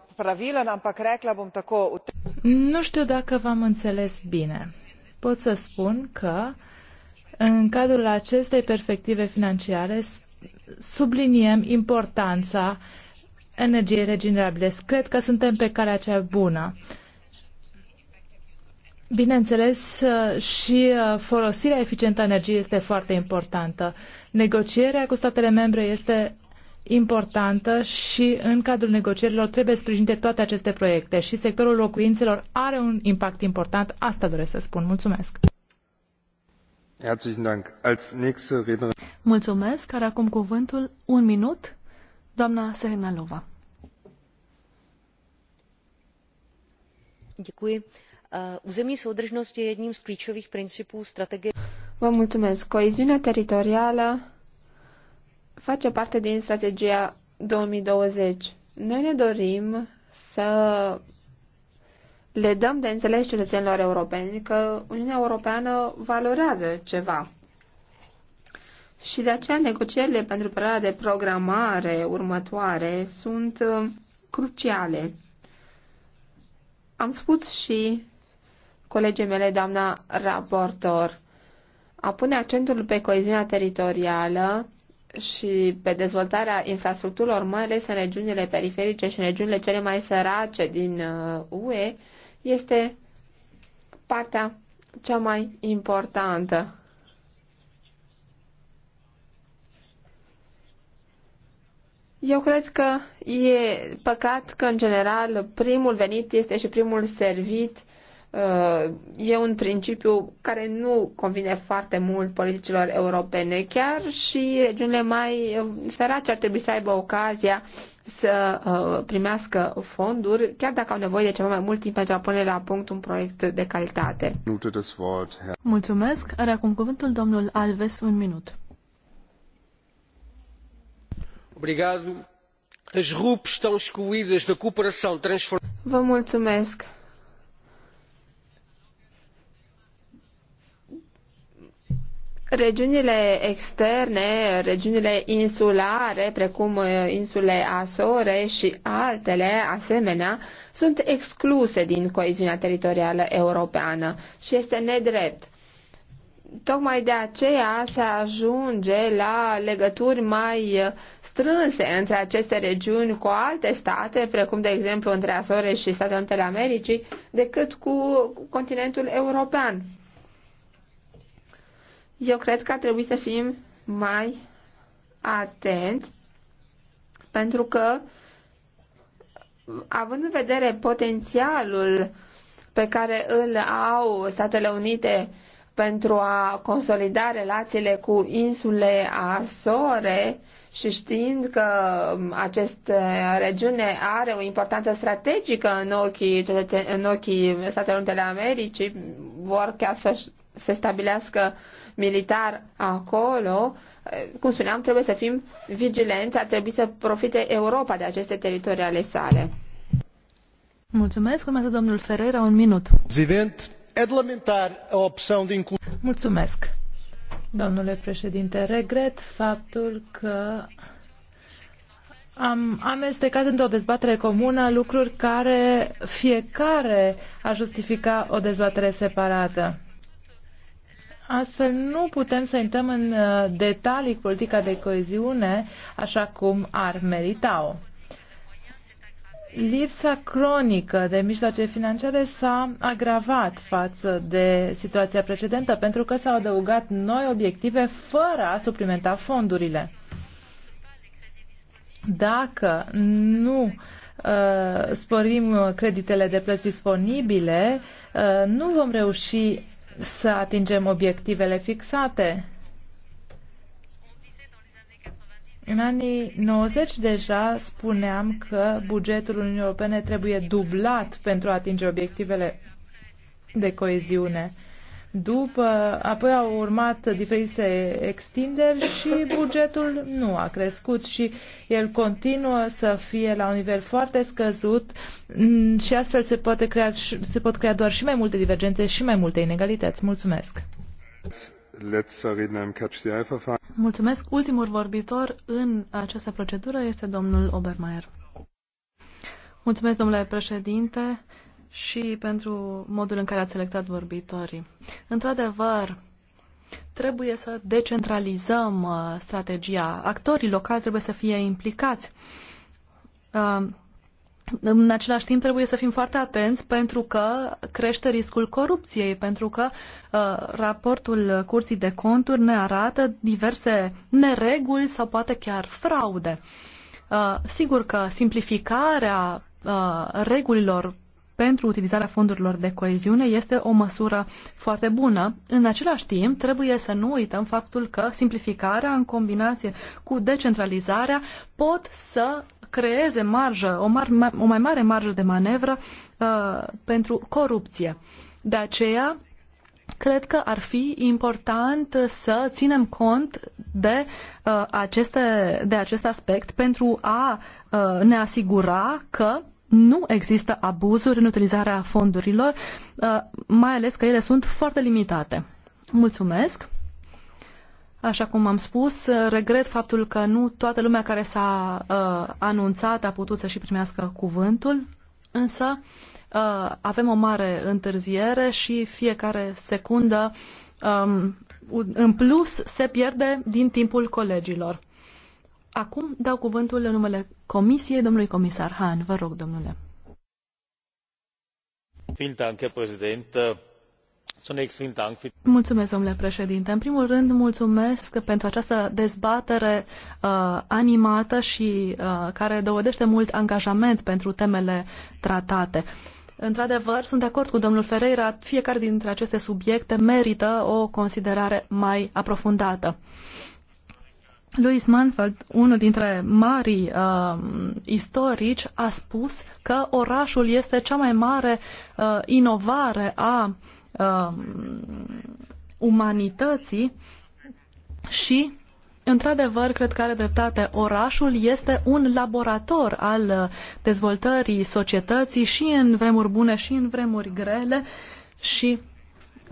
Nu știu dacă v-am înțeles bine. Pot să spun că în cadrul acestei perspective financiare subliniem importanța energiei regenerabile. Cred că suntem pe calea cea bună. Bineînțeles, și uh, folosirea eficientă a energiei este foarte importantă. Negocierea cu statele membre este importantă și în cadrul negocierilor trebuie sprijinite toate aceste proiecte și sectorul locuințelor are un impact important. Asta doresc să spun. Mulțumesc! Mulțumesc. Care acum cuvântul un minut, doamna Sehnalova. Děkuji. Eh, územní soudržnost je jedním z klíčových principů strategie. Vă mulțumesc. Coeziunea teritorială face parte din strategia 2020. Noi ne dorim să le dăm de înțeles cetățenilor europeni că Uniunea Europeană valorează ceva. Și de aceea negocierile pentru perioada de programare următoare sunt uh, cruciale. Am spus și colegii mele, doamna raportor, a pune accentul pe coeziunea teritorială și pe dezvoltarea infrastructurilor, mai ales în regiunile periferice și în regiunile cele mai sărace din UE, uh, este partea cea mai importantă. Eu cred că e păcat că, în general, primul venit este și primul servit uh, e un principiu care nu convine foarte mult politicilor europene. Chiar și regiunile mai uh, sărace ar trebui să aibă ocazia să uh, primească fonduri, chiar dacă au nevoie de ceva mai mult timp pentru a pune la punct un proiect de calitate. Mulțumesc. Are acum cuvântul domnul Alves, un minut. Obrigado. As RUP estão excluídas da cooperação transformadora. Vă mulțumesc. Regiunile externe, regiunile insulare, precum uh, insule Asore și altele asemenea, sunt excluse din coeziunea teritorială europeană și este nedrept. Tocmai de aceea se ajunge la legături mai strânse între aceste regiuni cu alte state, precum de exemplu între Asore și Statele Unite ale Americii, decât cu continentul european. Eu cred că ar trebui să fim mai atenți pentru că având în vedere potențialul pe care îl au Statele Unite pentru a consolida relațiile cu insule Asore și știind că această regiune are o importanță strategică în ochii, în ochii Statele Unite ale Americii, vor chiar să se stabilească militar acolo, eh, cum spuneam, trebuie să fim vigilenți, ar trebui să profite Europa de aceste teritorii ale sale. Mulțumesc, urmează domnul Ferreira, un minut. Zident, é de lamentar a opção de Mulțumesc, domnule președinte. Regret faptul că am amestecat într-o dezbatere comună lucruri care fiecare a justifica o dezbatere separată. Astfel nu putem să intrăm în uh, detalii cu politica de coeziune așa cum ar merita-o. Lipsa cronică de mijloace financiare s-a agravat față de situația precedentă pentru că s-au adăugat noi obiective fără a suplimenta fondurile. Dacă nu uh, sporim creditele de plăți disponibile, uh, nu vom reuși să atingem obiectivele fixate. În anii 90 deja spuneam că bugetul Uniunii Europene trebuie dublat pentru a atinge obiectivele de coeziune. După, apoi au urmat diferite extinderi și bugetul nu a crescut și el continuă să fie la un nivel foarte scăzut mm, și astfel se, poate crea, se pot crea doar și mai multe divergențe și mai multe inegalități. Mulțumesc! Mulțumesc. Ultimul vorbitor în această procedură este domnul Obermeier. Mulțumesc, domnule președinte și pentru modul în care ați selectat vorbitorii. Într-adevăr, trebuie să decentralizăm uh, strategia. Actorii locali trebuie să fie implicați. Uh, în același timp trebuie să fim foarte atenți pentru că crește riscul corupției, pentru că uh, raportul Curții de Conturi ne arată diverse nereguli sau poate chiar fraude. Uh, sigur că simplificarea uh, regulilor pentru utilizarea fondurilor de coeziune este o măsură foarte bună. În același timp, trebuie să nu uităm faptul că simplificarea în combinație cu decentralizarea pot să creeze marjă, o, mar, o mai mare marjă de manevră uh, pentru corupție. De aceea, cred că ar fi important să ținem cont de, uh, aceste, de acest aspect pentru a uh, ne asigura că nu există abuzuri în utilizarea fondurilor, uh, mai ales că ele sunt foarte limitate. Mulțumesc! Așa cum am spus, uh, regret faptul că nu toată lumea care s-a uh, anunțat a putut să și primească cuvântul, însă uh, avem o mare întârziere și fiecare secundă um, în plus se pierde din timpul colegilor. Acum dau cuvântul în numele Comisiei domnului comisar Han, Vă rog, domnule. Mulțumesc, domnule președinte. În primul rând, mulțumesc pentru această dezbatere uh, animată și uh, care dovedește mult angajament pentru temele tratate. Într-adevăr, sunt de acord cu domnul Ferreira, fiecare dintre aceste subiecte merită o considerare mai aprofundată. Uh, Louis Manfeld, unul dintre marii uh, istorici, a spus că orașul este cea mai mare uh, inovare a uh, umanității și, într-adevăr, cred că are dreptate, orașul este un laborator al uh, dezvoltării societății și în vremuri bune și în vremuri grele și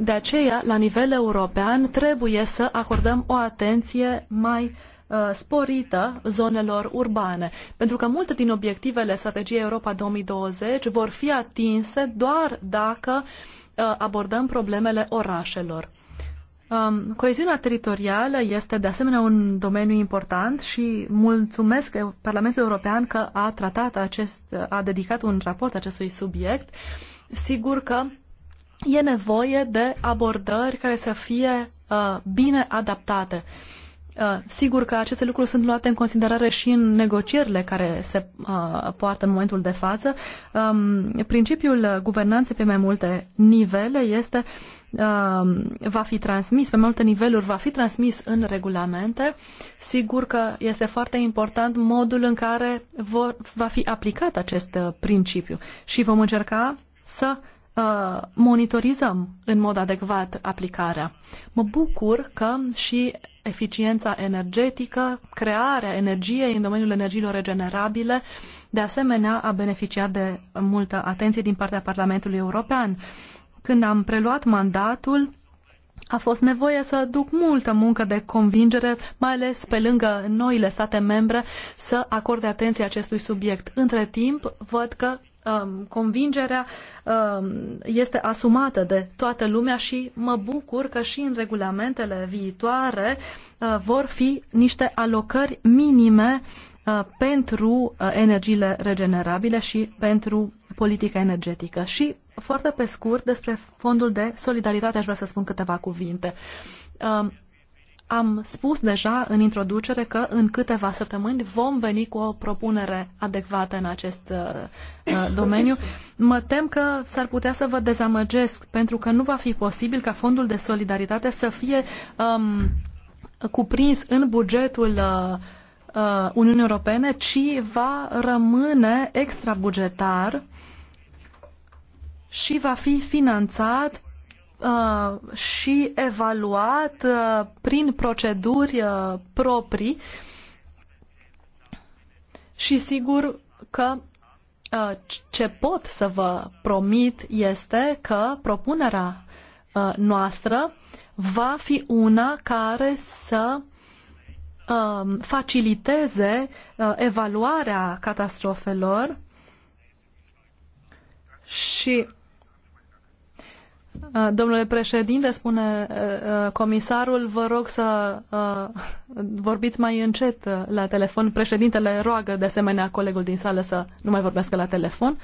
de aceea, la nivel european, trebuie să acordăm o atenție mai uh, sporită zonelor urbane, pentru că multe din obiectivele strategiei Europa 2020 vor fi atinse doar dacă uh, abordăm problemele orașelor. Um, coeziunea teritorială este de asemenea un domeniu important și mulțumesc Parlamentul European că a tratat acest, uh, a dedicat un raport acestui subiect. Sigur că e nevoie de abordări care să fie uh, bine adaptate. Uh, sigur că aceste lucruri sunt luate în considerare și în negocierile care se uh, poartă în momentul de față. Um, principiul guvernanței pe mai multe nivele este uh, va fi transmis, pe mai multe niveluri va fi transmis în regulamente. Sigur că este foarte important modul în care vor, va fi aplicat acest uh, principiu și vom încerca să uh, Uh, monitorizăm în mod adecvat aplicarea. Mă bucur că și eficiența energetică, crearea energiei în domeniul energiilor regenerabile, de asemenea a beneficiat de multă atenție din partea Parlamentului European. Când am preluat mandatul, a fost nevoie să duc multă muncă de convingere, mai ales pe lângă noile state membre, să acorde atenție acestui subiect. Între timp, văd că um, convingerea um, este asumată de toată lumea și mă bucur că și în regulamentele viitoare uh, vor fi niște alocări minime uh, pentru uh, energiile regenerabile și pentru politica energetică. Și foarte pe scurt despre fondul de solidaritate aș vrea să spun câteva cuvinte. Um, am spus deja în introducere că în câteva săptămâni vom veni cu o propunere adecvată în acest uh, uh, domeniu. Mă tem că s-ar putea să vă dezamăgesc pentru că nu va fi posibil ca fondul de solidaritate să fie um, cuprins în bugetul uh, uh, Uniunii Europene, ci va rămâne extrabugetar și va fi finanțat uh, și evaluat uh, prin proceduri uh, proprii și sigur că uh, ce pot să vă promit este că propunerea uh, noastră va fi una care să uh, faciliteze uh, evaluarea catastrofelor și Uh, domnule președinte, spune uh, uh, comisarul, vă rog să vorbiți mai încet la telefon. Președintele roagă de asemenea colegul din sală să nu mai vorbească la telefon.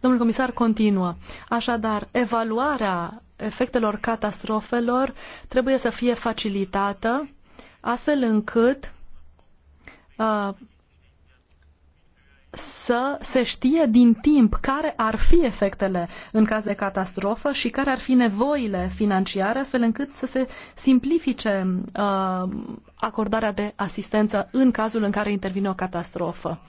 Domnul comisar continuă. Așadar, evaluarea efectelor catastrofelor trebuie să fie facilitată astfel încât să se știe din timp care ar fi efectele în caz de catastrofă și care ar fi nevoile financiare, astfel încât să se simplifice uh, acordarea de asistență în cazul în care intervine o catastrofă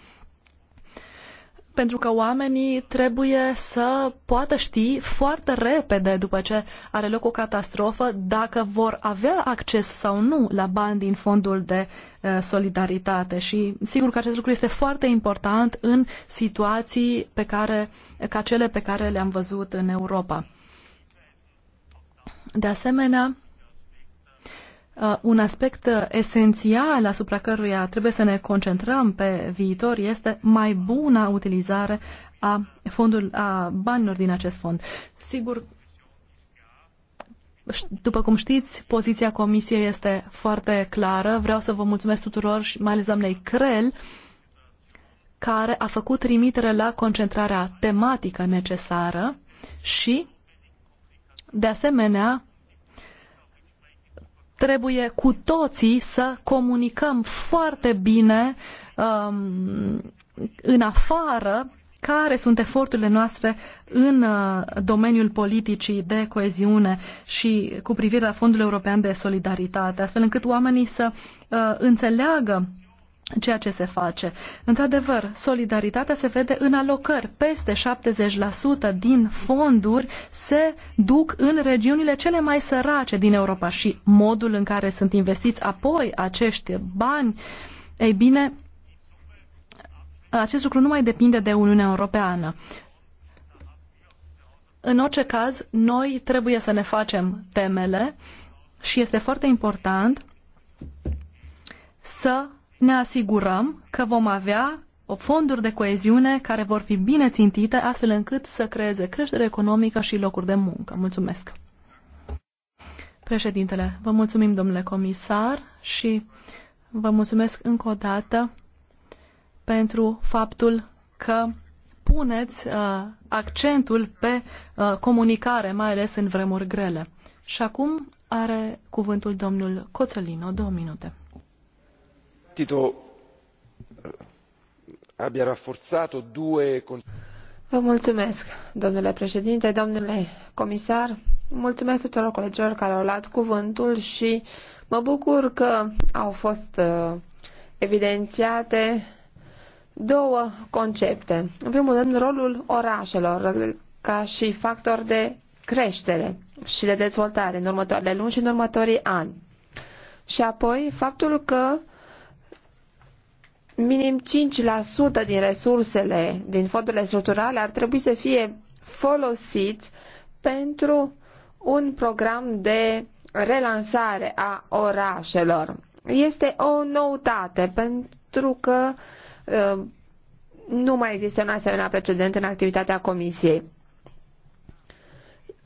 pentru că oamenii trebuie să poată ști foarte repede după ce are loc o catastrofă dacă vor avea acces sau nu la bani din fondul de uh, solidaritate și sigur că acest lucru este foarte important în situații pe care, ca cele pe care le-am văzut în Europa. De asemenea, Uh, un aspect uh, esențial asupra căruia trebuie să ne concentrăm pe viitor este mai buna utilizare a, fondul, a banilor din acest fond. Sigur, după cum știți, poziția Comisiei este foarte clară. Vreau să vă mulțumesc tuturor și mai ales doamnei Crel, care a făcut trimitere la concentrarea tematică necesară și, de asemenea, trebuie cu toții să comunicăm foarte bine um, în afară care sunt eforturile noastre în uh, domeniul politicii de coeziune și cu privire la Fondul European de Solidaritate, astfel încât oamenii să uh, înțeleagă ceea ce se face. Într-adevăr, solidaritatea se vede în alocări. Peste 70% din fonduri se duc în regiunile cele mai sărace din Europa și modul în care sunt investiți apoi acești bani, ei bine, acest lucru nu mai depinde de Uniunea Europeană. În orice caz, noi trebuie să ne facem temele și este foarte important să ne asigurăm că vom avea o fonduri de coeziune care vor fi bine țintite astfel încât să creeze creștere economică și locuri de muncă. Mulțumesc! Președintele, vă mulțumim, domnule comisar, și vă mulțumesc încă o dată pentru faptul că puneți uh, accentul pe uh, comunicare, mai ales în vremuri grele. Și acum are cuvântul domnul Coțolino, două minute dibattito eh, abbia rafforzato due Vă mulțumesc, domnule președinte, domnule comisar. Mulțumesc tuturor colegilor care au luat cuvântul și mă bucur că au fost eh, evidențiate două concepte. În primul rând, rolul orașelor ca și factor de creștere și de dezvoltare în următoarele luni și în următorii ani. Și apoi, faptul că minim 5% din resursele, din fondurile structurale ar trebui să fie folosite pentru un program de relansare a orașelor. Este o noutate pentru că ă, nu mai există un asemenea precedent în activitatea comisiei.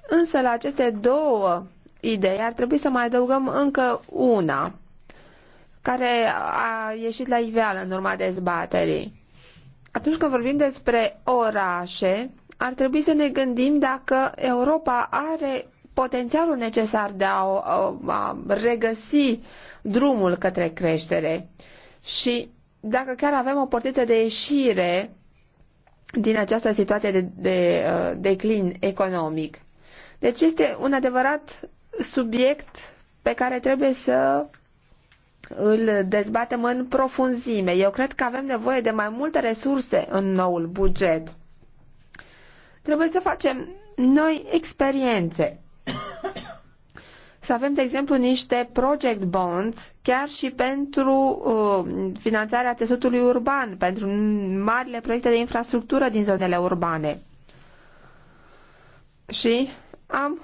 Însă la aceste două idei ar trebui să mai adăugăm încă una care a ieșit la iveală în urma dezbaterii. Atunci când vorbim despre orașe, ar trebui să ne gândim dacă Europa are potențialul necesar de a, a, a regăsi drumul către creștere și dacă chiar avem o portiță de ieșire din această situație de, de de uh, declin economic. Deci este un adevărat subiect pe care trebuie să îl dezbatem în profunzime. Eu cred că avem nevoie de mai multe resurse în noul buget. Trebuie să facem noi experiențe. Să avem, de exemplu, niște project bonds chiar și pentru uh, finanțarea țesutului urban, pentru marile proiecte de infrastructură din zonele urbane. Și am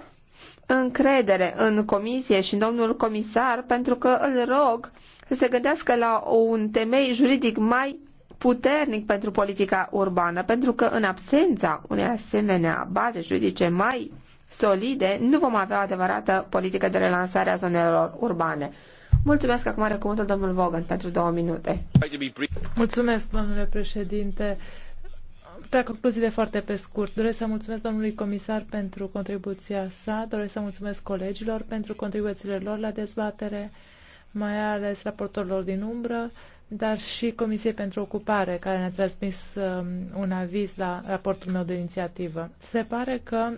încredere în comisie și în domnul comisar pentru că îl rog să se gândească la un temei juridic mai puternic pentru politica urbană, pentru că în absența unei asemenea baze juridice mai solide, nu vom avea o adevărată politică de relansare a zonelor urbane. Mulțumesc acum are domnul Vogan pentru două minute. Mulțumesc, domnule președinte trag concluziile foarte pe scurt. Doresc să mulțumesc domnului comisar pentru contribuția sa, doresc să mulțumesc colegilor pentru contribuțiile lor la dezbatere, mai ales raportorilor din umbră, dar și Comisiei pentru Ocupare, care ne-a transmis um, un aviz la raportul meu de inițiativă. Se pare că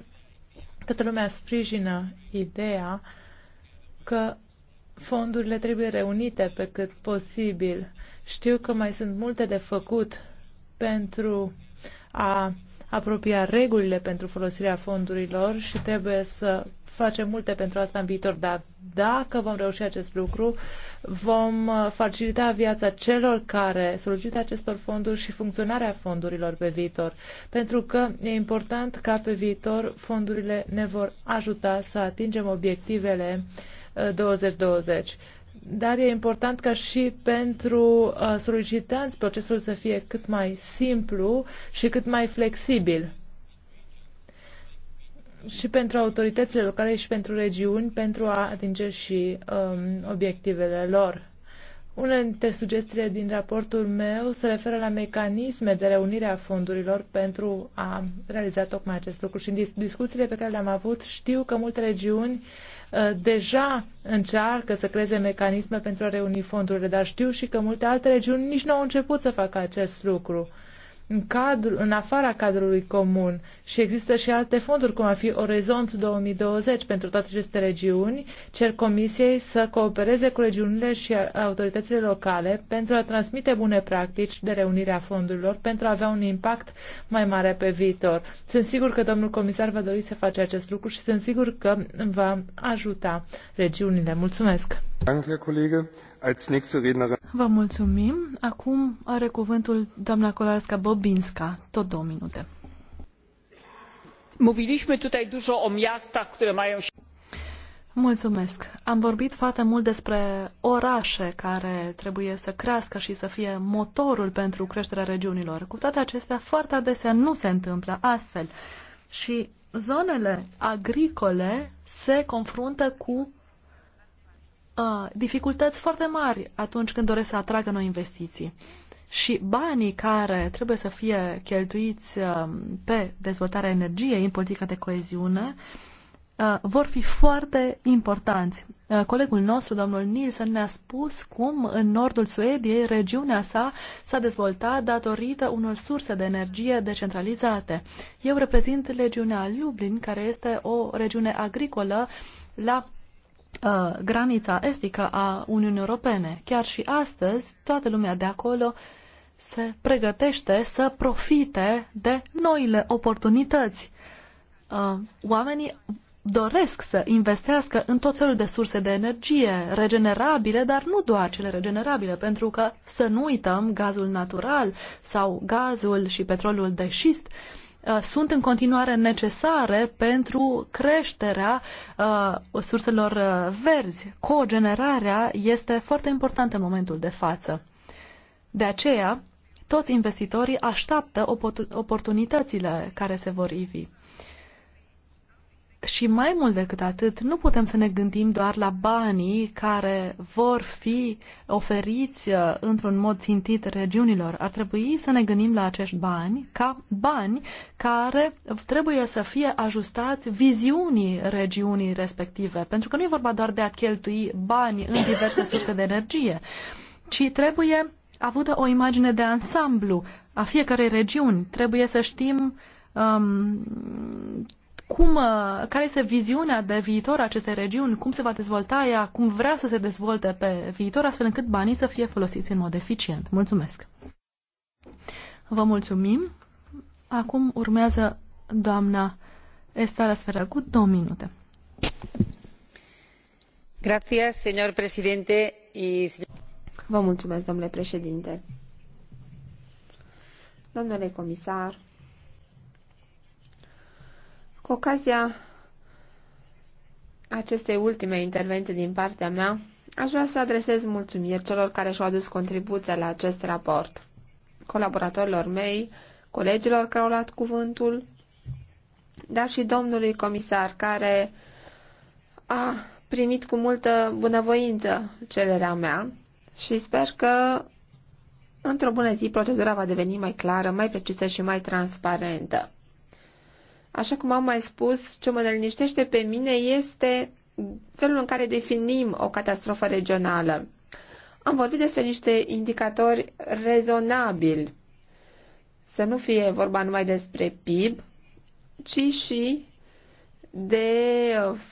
toată lumea sprijină ideea că fondurile trebuie reunite pe cât posibil. Știu că mai sunt multe de făcut pentru a apropia regulile pentru folosirea fondurilor și trebuie să facem multe pentru asta în viitor, dar dacă vom reuși acest lucru, vom uh, facilita viața celor care solicită acestor fonduri și funcționarea fondurilor pe viitor, pentru că e important ca pe viitor fondurile ne vor ajuta să atingem obiectivele 2020. Uh, dar e important ca și pentru uh, solicitanți procesul să fie cât mai simplu și cât mai flexibil. Și pentru autoritățile locale și pentru regiuni, pentru a atinge și um, obiectivele lor. Una dintre sugestiile din raportul meu se referă la mecanisme de reunire a fondurilor pentru a realiza tocmai acest lucru. Și în discuțiile pe care le-am avut știu că multe regiuni uh, Uh, deja încearcă să creeze mecanisme pentru a reuni fondurile, dar știu și că multe alte regiuni nici nu au început să facă acest lucru în, cadru, în afara cadrului comun și există și alte fonduri, cum ar fi Orizont 2020 pentru toate aceste regiuni, cer Comisiei să coopereze cu regiunile și autoritățile locale pentru a transmite bune practici de reunire a fondurilor pentru a avea un impact mai mare pe viitor. Sunt sigur că domnul comisar va dori să face acest lucru și sunt sigur că va ajuta regiunile. Mulțumesc! Vă mulțumim. Acum are cuvântul doamna Kolarska Bobinska, tot două minute. Mówiliśmy tutaj dużo o miastach, które mają się... Mulțumesc. Am vorbit foarte mult despre orașe care trebuie să crească și să fie motorul pentru creșterea regiunilor. Cu toate acestea, foarte adesea nu se întâmplă astfel. Și zonele agricole se confruntă cu uh, dificultăți foarte mari atunci când doresc să atragă noi investiții. Și banii care trebuie să fie cheltuiți uh, pe dezvoltarea energiei în politica de coeziune vor fi foarte importanți. colegul nostru, domnul Nielsen, ne-a spus cum în nordul Suediei regiunea sa s-a dezvoltat datorită unor surse de energie decentralizate. Eu reprezint regiunea Lublin, care este o regiune agricolă la Uh, granița estică a Uniunii Europene. Chiar și astăzi, toată lumea de acolo se pregătește să profite de noile oportunități. Uh, oamenii doresc să investească în tot felul de surse de energie regenerabile, dar nu doar cele regenerabile, pentru că să nu uităm gazul natural sau gazul și petrolul de șist uh, Uh, sunt în continuare necesare pentru creșterea uh, surselor uh, verzi. Cogenerarea este foarte importantă în momentul de față. De aceea, toți investitorii așteaptă oportunitățile care se vor ivi. Și mai mult decât atât, nu putem să ne gândim doar la banii care vor fi oferiți uh, într-un mod țintit regiunilor. Ar trebui să ne gândim la acești bani ca bani care trebuie să fie ajustați viziunii regiunii respective. Pentru că nu e vorba doar de a cheltui bani în diverse surse de energie, ci trebuie avută o imagine de ansamblu a fiecarei regiuni. Trebuie să știm um, cum, uh, care este viziunea de viitor a acestei regiuni, cum se va dezvolta ea, cum vrea să se dezvolte pe viitor, astfel încât banii să fie folosiți în mod eficient. Mulțumesc! Vă mulțumim! Acum urmează doamna Estara Sferagut, două minute. Gracias, señor presidente. Y... Vă mulțumesc, domnule președinte. Domnule comisar, cu ocazia acestei ultime intervenții din partea mea, aș vrea să adresez mulțumiri celor care și-au adus contribuția la acest raport, colaboratorilor mei, colegilor care au luat cuvântul, dar și domnului comisar care a primit cu multă bunăvoință cererea mea și sper că într-o bună zi procedura va deveni mai clară, mai precisă și mai transparentă. Așa cum am mai spus, ce mă neliniștește pe mine este felul în care definim o catastrofă regională. Am vorbit despre niște indicatori rezonabili. Să nu fie vorba numai despre PIB, ci și de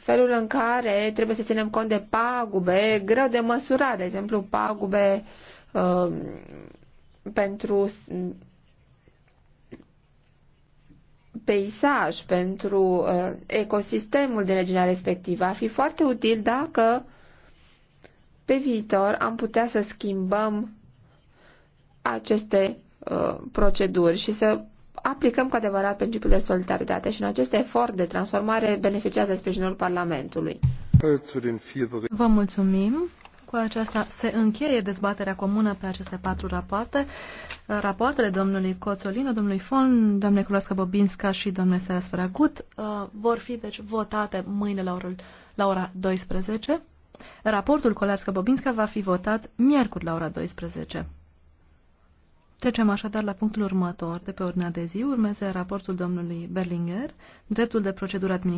felul în care trebuie să ținem cont de pagube greu de măsurat, de exemplu pagube uh, pentru peisaj, pentru uh, ecosistemul din regiunea respectivă. Ar fi foarte util dacă pe viitor am putea să schimbăm aceste uh, proceduri și să aplicăm cu adevărat principiul de solidaritate și în acest efort de transformare beneficiază sprijinul Parlamentului. Vă mulțumim. Cu aceasta se încheie dezbaterea comună pe aceste patru rapoarte. Rapoartele domnului Coțolino, domnului Fon, doamne Culoască Bobinska și doamnei Seras Gut uh, vor fi deci votate mâine la, orul, la ora 12. Raportul Colearscă Bobinska va fi votat miercuri la ora 12. Trecem așadar la punctul următor de pe ordinea de zi. Urmează raportul domnului Berlinger, dreptul de procedură administrativă.